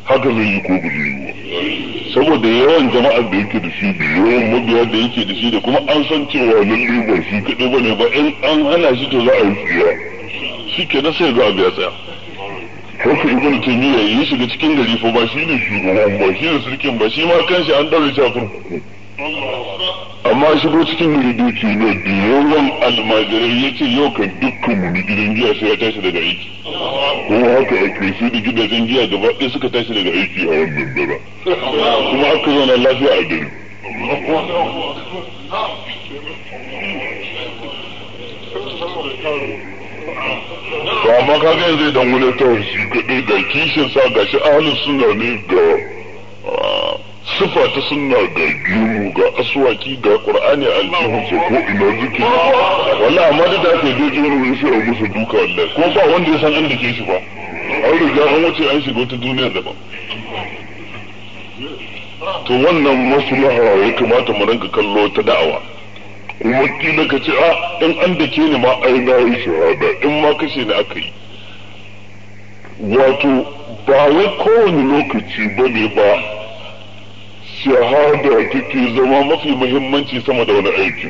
haka zai yi ko ba zai yi saboda yawan jama'ar da yake da shi da yawan mabiya da yake da shi da kuma an san cewa lalle ba shi kaɗai ba ne ba in an hana shi to za a yi tsira shi ke na ya zo abu ya tsaya haka ibn taymiya ya shiga cikin gari fa ba shi ne shugaban ba shi ne sulkin ba shi ma kanshi an ɗaure shi a kurkuku amma shigo cikin wuri ne da yawan almajirai ya ce yau ka dukkan mu gidan giya sai ya tashi daga aiki kuma haka ya ke su da gidajen giya gaba ɗaya suka tashi daga aiki a wannan dara kuma aka zauna lafiya a gari to amma ga yanzu idan wani ta shi kaɗai ga kishin sa ga shi ahalin suna ne ga ah, sufa ta sunna ga gimu ga aswaki ga qur'ani a aljihunsa ko ina zuki wallahi amma da take da dokin wani shi abu musu duka wallahi ko ba wanda ya san inda ke shi ba an riga an wuce an shiga ta duniya daban to wannan maslaha ya kamata mu ranka kallo ta da'awa kuma kila ka ce a in an da ke ni ma ai na yi shahada in ma kashe ni aka yi wato ba wai kowane lokaci ba ne ba shahada take zama mafi muhimmanci sama da wani aiki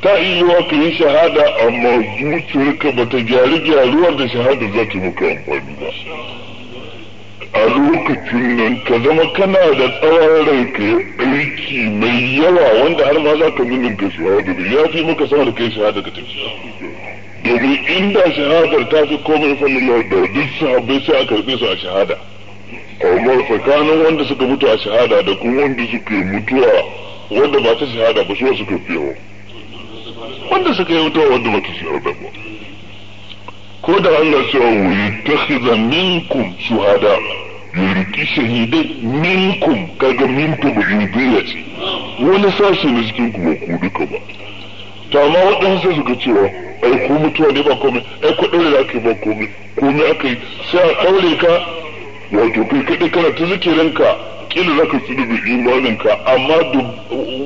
ta iya ka yi shahada amma zuciyarka ba ta gyari gyaruwar da shahada za ta muka amfani ba a lokacin nan ka zama kana da tsawon ranka aiki mai yawa wanda har ma za ka nuna ga shahada da ya fi muka sama da kai shahada ka tafi domin inda shahadar ta fi komai fannin da duk sahabbai sai a karɓe su a shahada umar tsakanin wanda suka mutu a shahada da kuma wanda suka mutuwa wanda ba ta shahada ba su suka fi wanda suka yi mutuwa wanda ba ta shahada ba ko da Allah cewa wuri ta khiza minkum shuhada ya riki shahidai minkum kaga minkum ba ya ce wani sashi na cikin ba ku duka ba ta ma waɗansu suka cewa ai ku mutuwa ne ba komai ai ku ɗaure da ake yi ba komai komai aka yi sai a ɗaure ka wato kai kaɗai kana ta zikirinka kila za ka ci da imaninka amma da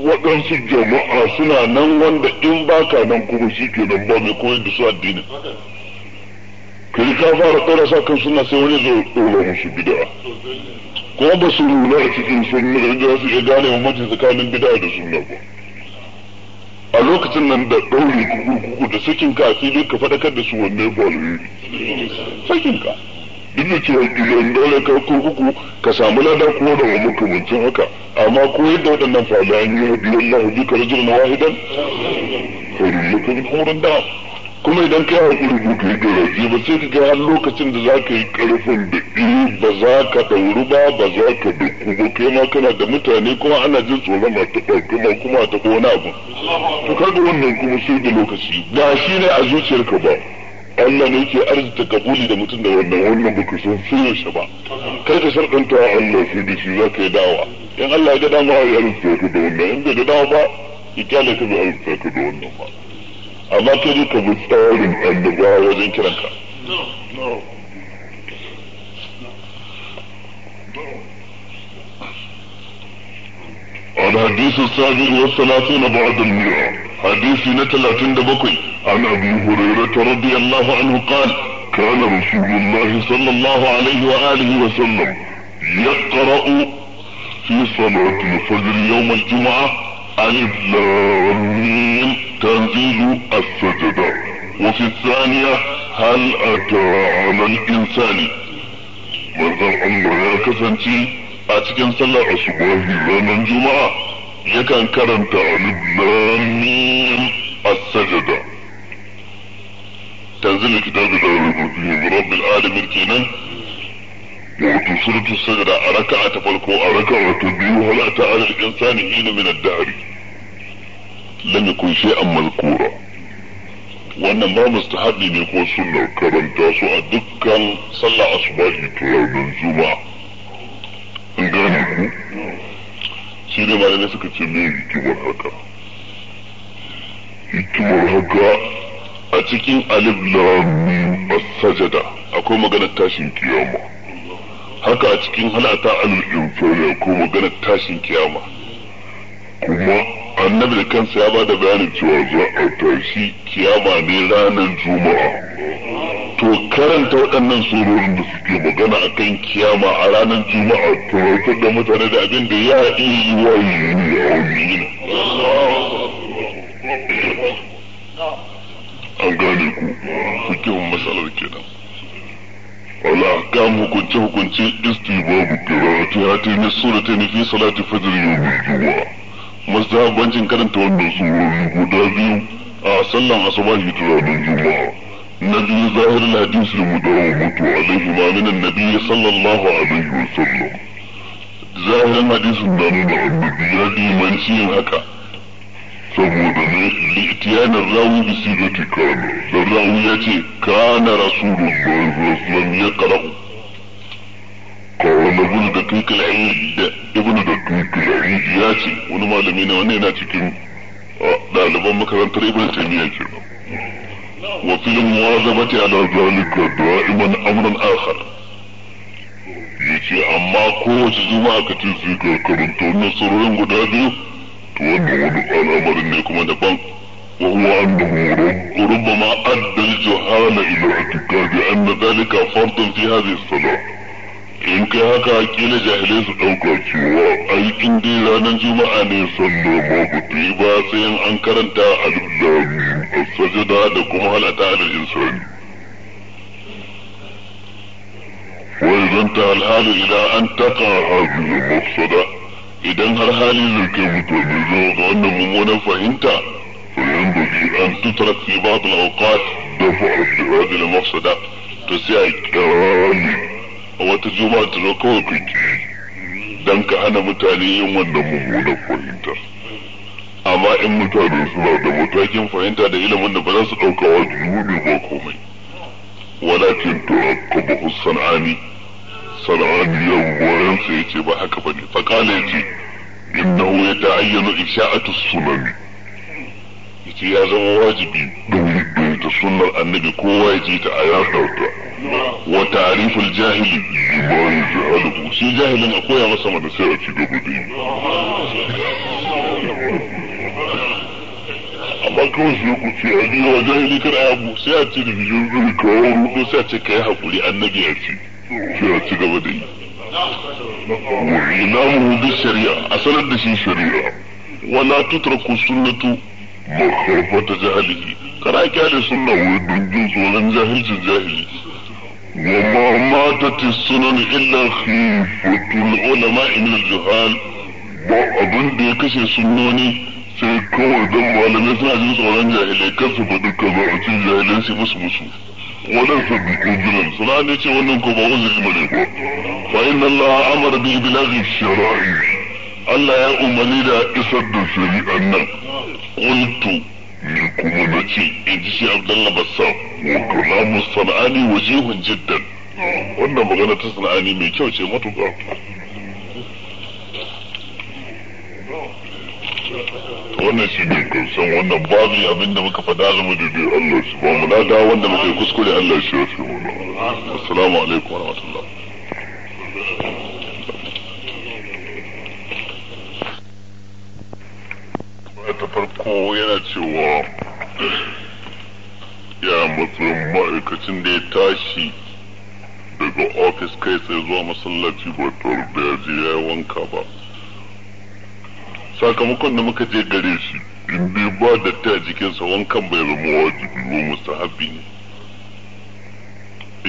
waɗansu jama'a suna nan wanda in ba ka nan kuma shi ke nan ba mai koyar da su addini kai ka fara ɗora sa kan suna sai wani zai ɗora musu bida'a kuma ba su nuna a cikin sunna da yadda su iya gane mamaci tsakanin bida'a da sunna ba a lokacin nan da ɗaure kuku da sakin ka sai dai ka faɗakar da su wanne ba sakin ka duk da cewa dole ka kurkuku ka samu ladan ko da wa makamancin haka amma ko yadda wadannan fada an yi biyu Allah bi ka rajul wahidan ko rubutun horon da kuma idan kai hakuri rubutu da ji ba sai ka ga lokacin da zaka yi karfin da ba za ka dauru ba ba za ka duku ba kai ma kana da mutane kuma ana jin tsoron a ta ma kuma a ta wani abu to kaga wannan kuma sai da lokaci ba shi ne a zuciyarka ba Allah ne ke arzika kabuli da mutum da wannan wannan ba ku san shi ba kar ka sharɗanta wa Allah shi da shi za ka yi dawa in Allah ya ga dama ya arzika ka da wannan in bai ga dawa ba ya kyale ka bai arzika ka da wannan ba amma kai ka bi tsarin annabawa wajen kiranka الحديث السابع والثلاثون بعد المئة حديث نتلاتين دبقي عن أبي هريرة رضي الله عنه قال كان رسول الله صلى الله عليه وآله وسلم يقرأ في صلاة الفجر يوم الجمعة لام تنزيل السجدة وفي الثانية هل أتى على الإنسان ماذا الأمر يا كفنتي a cikin sallar asubuhi ranar juma'a yakan karanta alif lam as-sajda tanzil kitab da rubutun rabbil alamin kenan wato suratu sajda a raka'a ta farko a raka'a ta biyu hal ta ala al-insani hina min ad-dahr lam yakun shay'an mazkura wannan ba mustahabi ne ko sunnar karanta su a dukkan sallar asubahi ranar juma'a sun gane ku shi ne malamai suka ce me hikimar haka hikimar haka a cikin alif lam a sajada akwai maganar tashin kiyama haka a cikin halata alul infariya akwai maganar tashin kiyama kuma annabi da kansa ya bada bayanin cewa za a tashi kiyama ne ranar juma'a to karanta waɗannan surorin da suke magana a kan kiyama a ranar juma'a to rautar da mutane da abin da ya iya yi wa yi a wani an gane ku fikin matsalar kenan wala kam hukunce hukunce istibabu qira'ati sura ta nufi salati fajar yau mai juma'a mustahabbancin karanta wannan surori guda biyu a sallan asubahi ta ranar juma'a na biyu zahir hadisi mu da wa mutu alaihi ma min annabi sallallahu alaihi wa sallam zahirin hadisin da nuna annabi ya ji mai siyan haka saboda ne litiyanin rawu bi sigati kana da rawu ya ce kana rasulullahi sallallahu alaihi wa sallam ya qara'u قال ابن da العيد ابن دقيق العيد ce wani malami ne wani yana cikin ɗaliban makarantar ibn taymiya ke وفي المواظبة zalika da دائما أمر آخر yace amma kowace juma'a ka ce su ka karanta wannan sororin guda biyu to wannan wani al'amarin ne kuma daban wa huwa annahu rubbama adda al-juhala ila i'tiqadi anna dhalika fardun fi in kai haka kila jahilai su ɗauka cewa ai in dai ranar juma'a ne sannan ma ku ba sai in an karanta aliflamin a sajada da kuma halata alal insani وإذا انتهى الحال إلى أن تقع هذه المفسدة إذا هر حالي لكي متميزة وأن ممونة فهمتها فينبغي أن تترك في بعض الأوقات دفع في هذه المفسدة تسعي كرامي a wata juma'a ta zo kawai ku ki dan ka hana mutane yin wannan mummunan fahimta amma in mutane suna da matakin fahimta da ilimin da ba za su ɗauka wa dubi ba komai walakin to ba ku sanani ya goyon sa yace ba haka bane fa kala yace innahu ayyana isha'atu sunani yace ya zama wajibi da ta sunnar annabi kowa ya ji ta a ya wa ta'riful jahili bima yajhalu shi jahilin a koya masa mana sai a ci gaba da yi amma kawai shi ku ce a ji wa jahili kar a abu sai a ce da bijin zuri kawo rudo sai a ce kai hakuri annabi ya ce sai a ci gaba da yi wa inamu bi shari'a a sanar da shi shari'a wa na la tutraku sunnatu karfata jahilihi kar a kyale sunna wai don jin tsoron jahilcin jahili وما ماتت السنن إلا خيفة العلماء من الجهال ba abin da ya kashe sunnoni sai kawai don malamai suna jin tsoron jahilai kar su faɗi ka ba a cikin jahilai su musu musu wannan sabbi kujiran suna ne ce wannan ko ba uzuri bane ba fa inna Allah amara bi bilaghi shara'i Allah ya umarni da isar da shari'an nan kuntu. ni kuma na ce in ji shi abdullah bassam sana'ani wajihun jiddan wannan magana ta sana'ani mai kyau ce matuƙa wannan shi ne kansan wannan babu abin da muka fada zama da dai Allah shi ba mu lada wanda muka yi kuskure Allah shi ya fi mu assalamu alaikum wa rahmatullah ta farko yana cewa ya matsayin ma'aikacin da ya tashi daga ofis kai sai zuwa masallaci ba tor da ya je ya wanka ba sakamakon da muka je gare shi in dai ba da ta jikinsa wankan bai zama wajibi ba mustahabi ne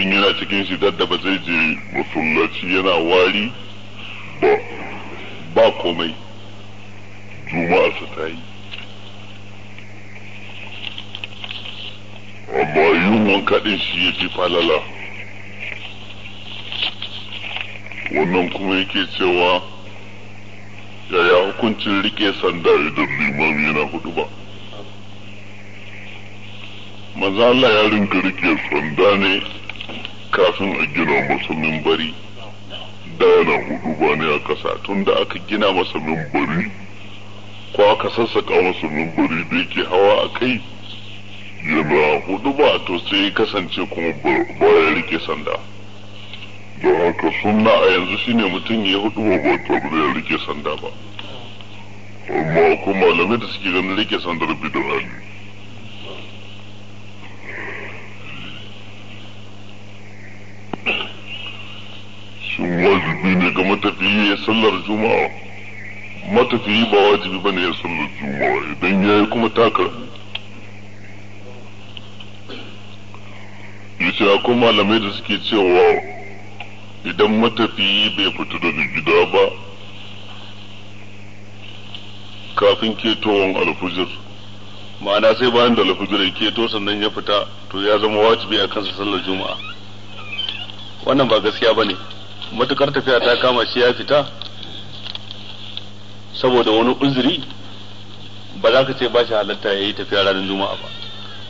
in yana cikin shi da ba zai je masallaci yana wari ba ba komai juma'a su ta yi amma yin wanka ɗin shi ya fi falala wannan kuma yake cewa yaya hukuncin rike sanda idan limami yana hudu ba maza Allah ya rinka rike sanda ne kafin a gina masa mimbari da yana hudu ba ne a ƙasa tun da aka gina masa mimbari ko aka sassaka wasu numbari da yake hawa a kai yana hudu ba to sai kasance kuma baya rike sanda don haka sunna a yanzu shine mutum ya hudu ba ba to ba ya rike sanda ba amma ko malamai da suke ganin rike sandar bidon ne Sun wajibi ne ga matafiya sallar juma'a matafiyi ba wajibi bane ya sallar juma'a idan ya yi kuma takar yace akwai malamai da suke cewa idan matafiyi bai fita daga gida ba kafin ketowar alfujir ma'ana sai bayan da alfujir ya keto sannan ya fita to ya zama
wajibi a kansa sallar juma'a wannan ba gaskiya ba ne. matukar tafiya ta kama shi ya fita saboda wani uzuri ba za ka ce ba shi halatta ya yi tafiya ranar juma'a ba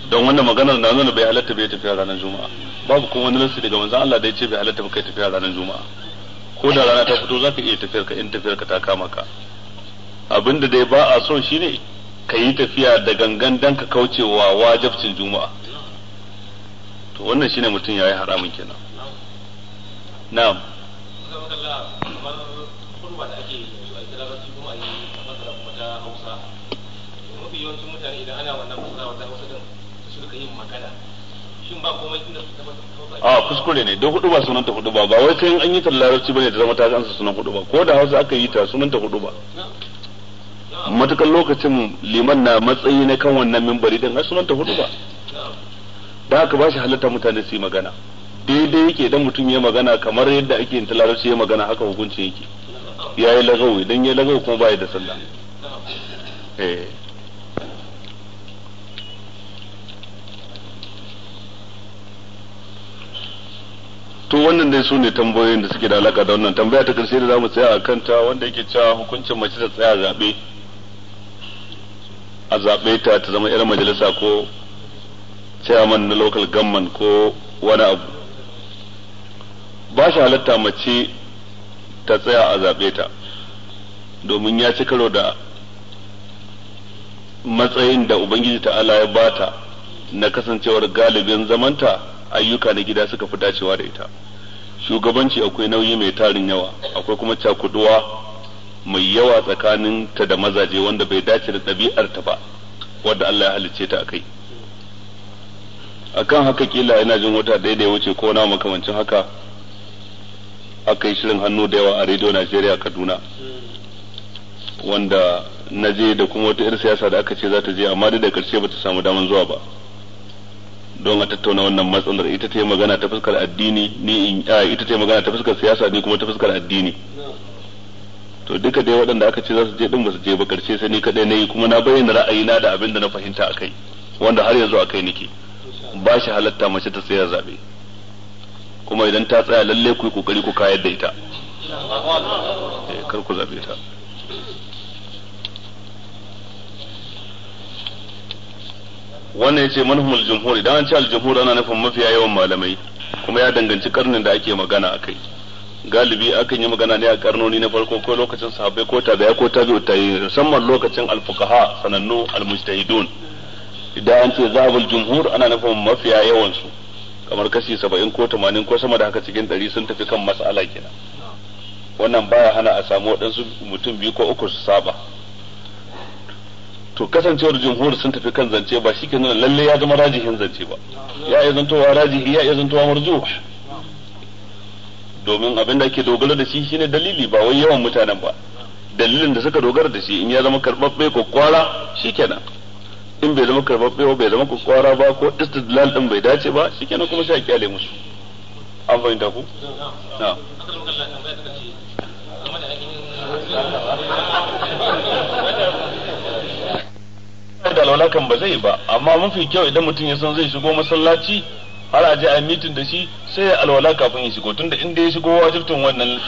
don wannan maganar na nuna bai halatta bai tafiya ranar juma'a babu kuma wani lissi daga manzon Allah da ya ce bai halatta ba kai tafiya ranar juma'a ko da rana ta fito za ka iya tafiyar ka in tafiyar ka ta kama ka abinda dai ba a so shine ka yi tafiya da gangan dan ka kaucewa wajabcin juma'a to wannan shine mutum yayi haramun kenan na'am kamar kurba da ake yawancin mutane idan ana wannan matsala wata wasu din su suka yin magana shin ba komai inda su a kuskure ne don hudu ba sunan ta hudu ba ba wai sai an yi ta larabci bane da zama ta gansa sunan hudu ba ko da hausa aka yi ta sunan ta hudu ba matukan lokacin liman na matsayi na kan wannan mimbari din sunan ta hudu ba da aka ba shi halatta mutane su yi magana daidai yake dan mutum ya magana kamar yadda ake yin larabci ya magana haka hukunci yake ya yi lagawi dan ya lagawi kuma ba ya da sallah eh to wannan dai su ne tambayoyin da suke da alaka da wannan tambaya ta karshe da zamu tsaya a kanta wanda yake cewa hukuncin mace ta tsaya zaɓe a zaɓe ta ta zama 'yar majalisa ko chairman na local government ko wani abu ba shi halatta mace ta tsaya a zaɓe ta domin ya ci karo da matsayin da ubangiji ta'ala ya bata na kasancewar galibin zamanta ayyuka na gida suka fi dacewa da ita shugabanci akwai nauyi mai tarin yawa akwai kuma cakuduwa mai yawa tsakanin ta da mazaje wanda bai dace da ɗabi'ar ta ba wadda Allah ya halicce ta akai akan haka kila ina jin wata daidai wuce ko na makamancin haka aka shirin hannu da yawa a rediyo Najeriya Kaduna wanda na da kuma wata 'yar siyasa da aka ce za ta je amma da karshe ba ta samu daman zuwa ba don a tattauna wannan matsalar ita ta yi magana ta fuskar addini ni in ita ta magana ta fuskar siyasa ni kuma ta fuskar addini to duka dai waɗanda aka ce za su je din ba su je ba karshe sai ni kadai nayi kuma na bayyana na da abin da na fahimta akai wanda har yanzu akai nake ba shi halatta mace ta tsaya zabe kuma idan ta tsaya lalle ku yi kokari ku kayar da ita eh, kar ku zabe ta wannan yace manhumul jumhur idan an ce al ana nufin mafiya yawan malamai kuma ya danganci karnin da ake magana akai galibi akan yi magana ne a karnoni na farko ko lokacin sahabbai ko tabi'a ko tabi'u tabi'in musamman lokacin al fuqaha sanannu al mujtahidun idan an ce zabul jumhur ana nufin mafiya yawan su kamar kashi saba'in ko tamanin ko sama da haka cikin ɗari sun tafi kan mas'ala kenan wannan baya hana a samu waɗansu mutum biyu ko uku su saba to kasancewar jumhur sun tafi kan zance ba shi ke nuna lalle ya zama rajihin zance ba ya iya zantowa rajihi ya iya zantowa marzu domin abin da ake dogara da shi shine dalili ba wai yawan mutanen ba dalilin da suka dogara da shi in ya zama karbabbe ko kwara shikenan in bai zama karbabbe ba bai zama ko kwara ba ko istidlal din bai dace ba shikenan kuma sai kyale musu an fahimta ku na'am da alwala kan ba zai ba amma mafi kyau idan mutum ya san zai shigo masallaci har a je a mitin da shi sai ya alwala kafin ya shigo tunda inda ya shigo wajibtun wannan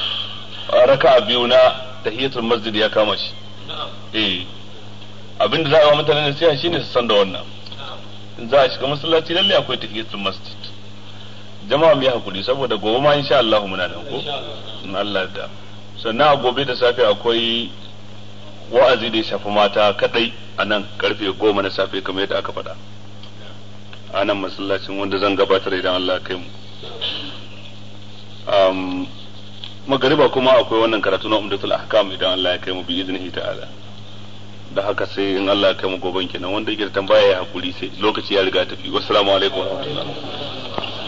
ah, raka'a biyu na tahiyatul masjid ya kama shi eh abinda za a yi wa mutane nasiha shine su san da wannan za a shiga masallaci lalle akwai tahiyatul masjid jama'a mu yi hakuri saboda gobe ma insha Allah muna nan ko in Allah da sannan a gobe da safe akwai wa'azi da ya shafi mata kadai a nan karfe goma na safe kamar yadda aka faɗa a nan masallacin wanda zan gabatar idan Allah kai mu um, magariba kuma akwai wannan karatu na umdatul ahkam idan Allah ya kai mu bi iznihi ta'ala da haka sai in Allah ya kai mu gobe kenan wanda yake tambaya ya hakuri sai lokaci ya riga tafi wassalamu alaikum warahmatullahi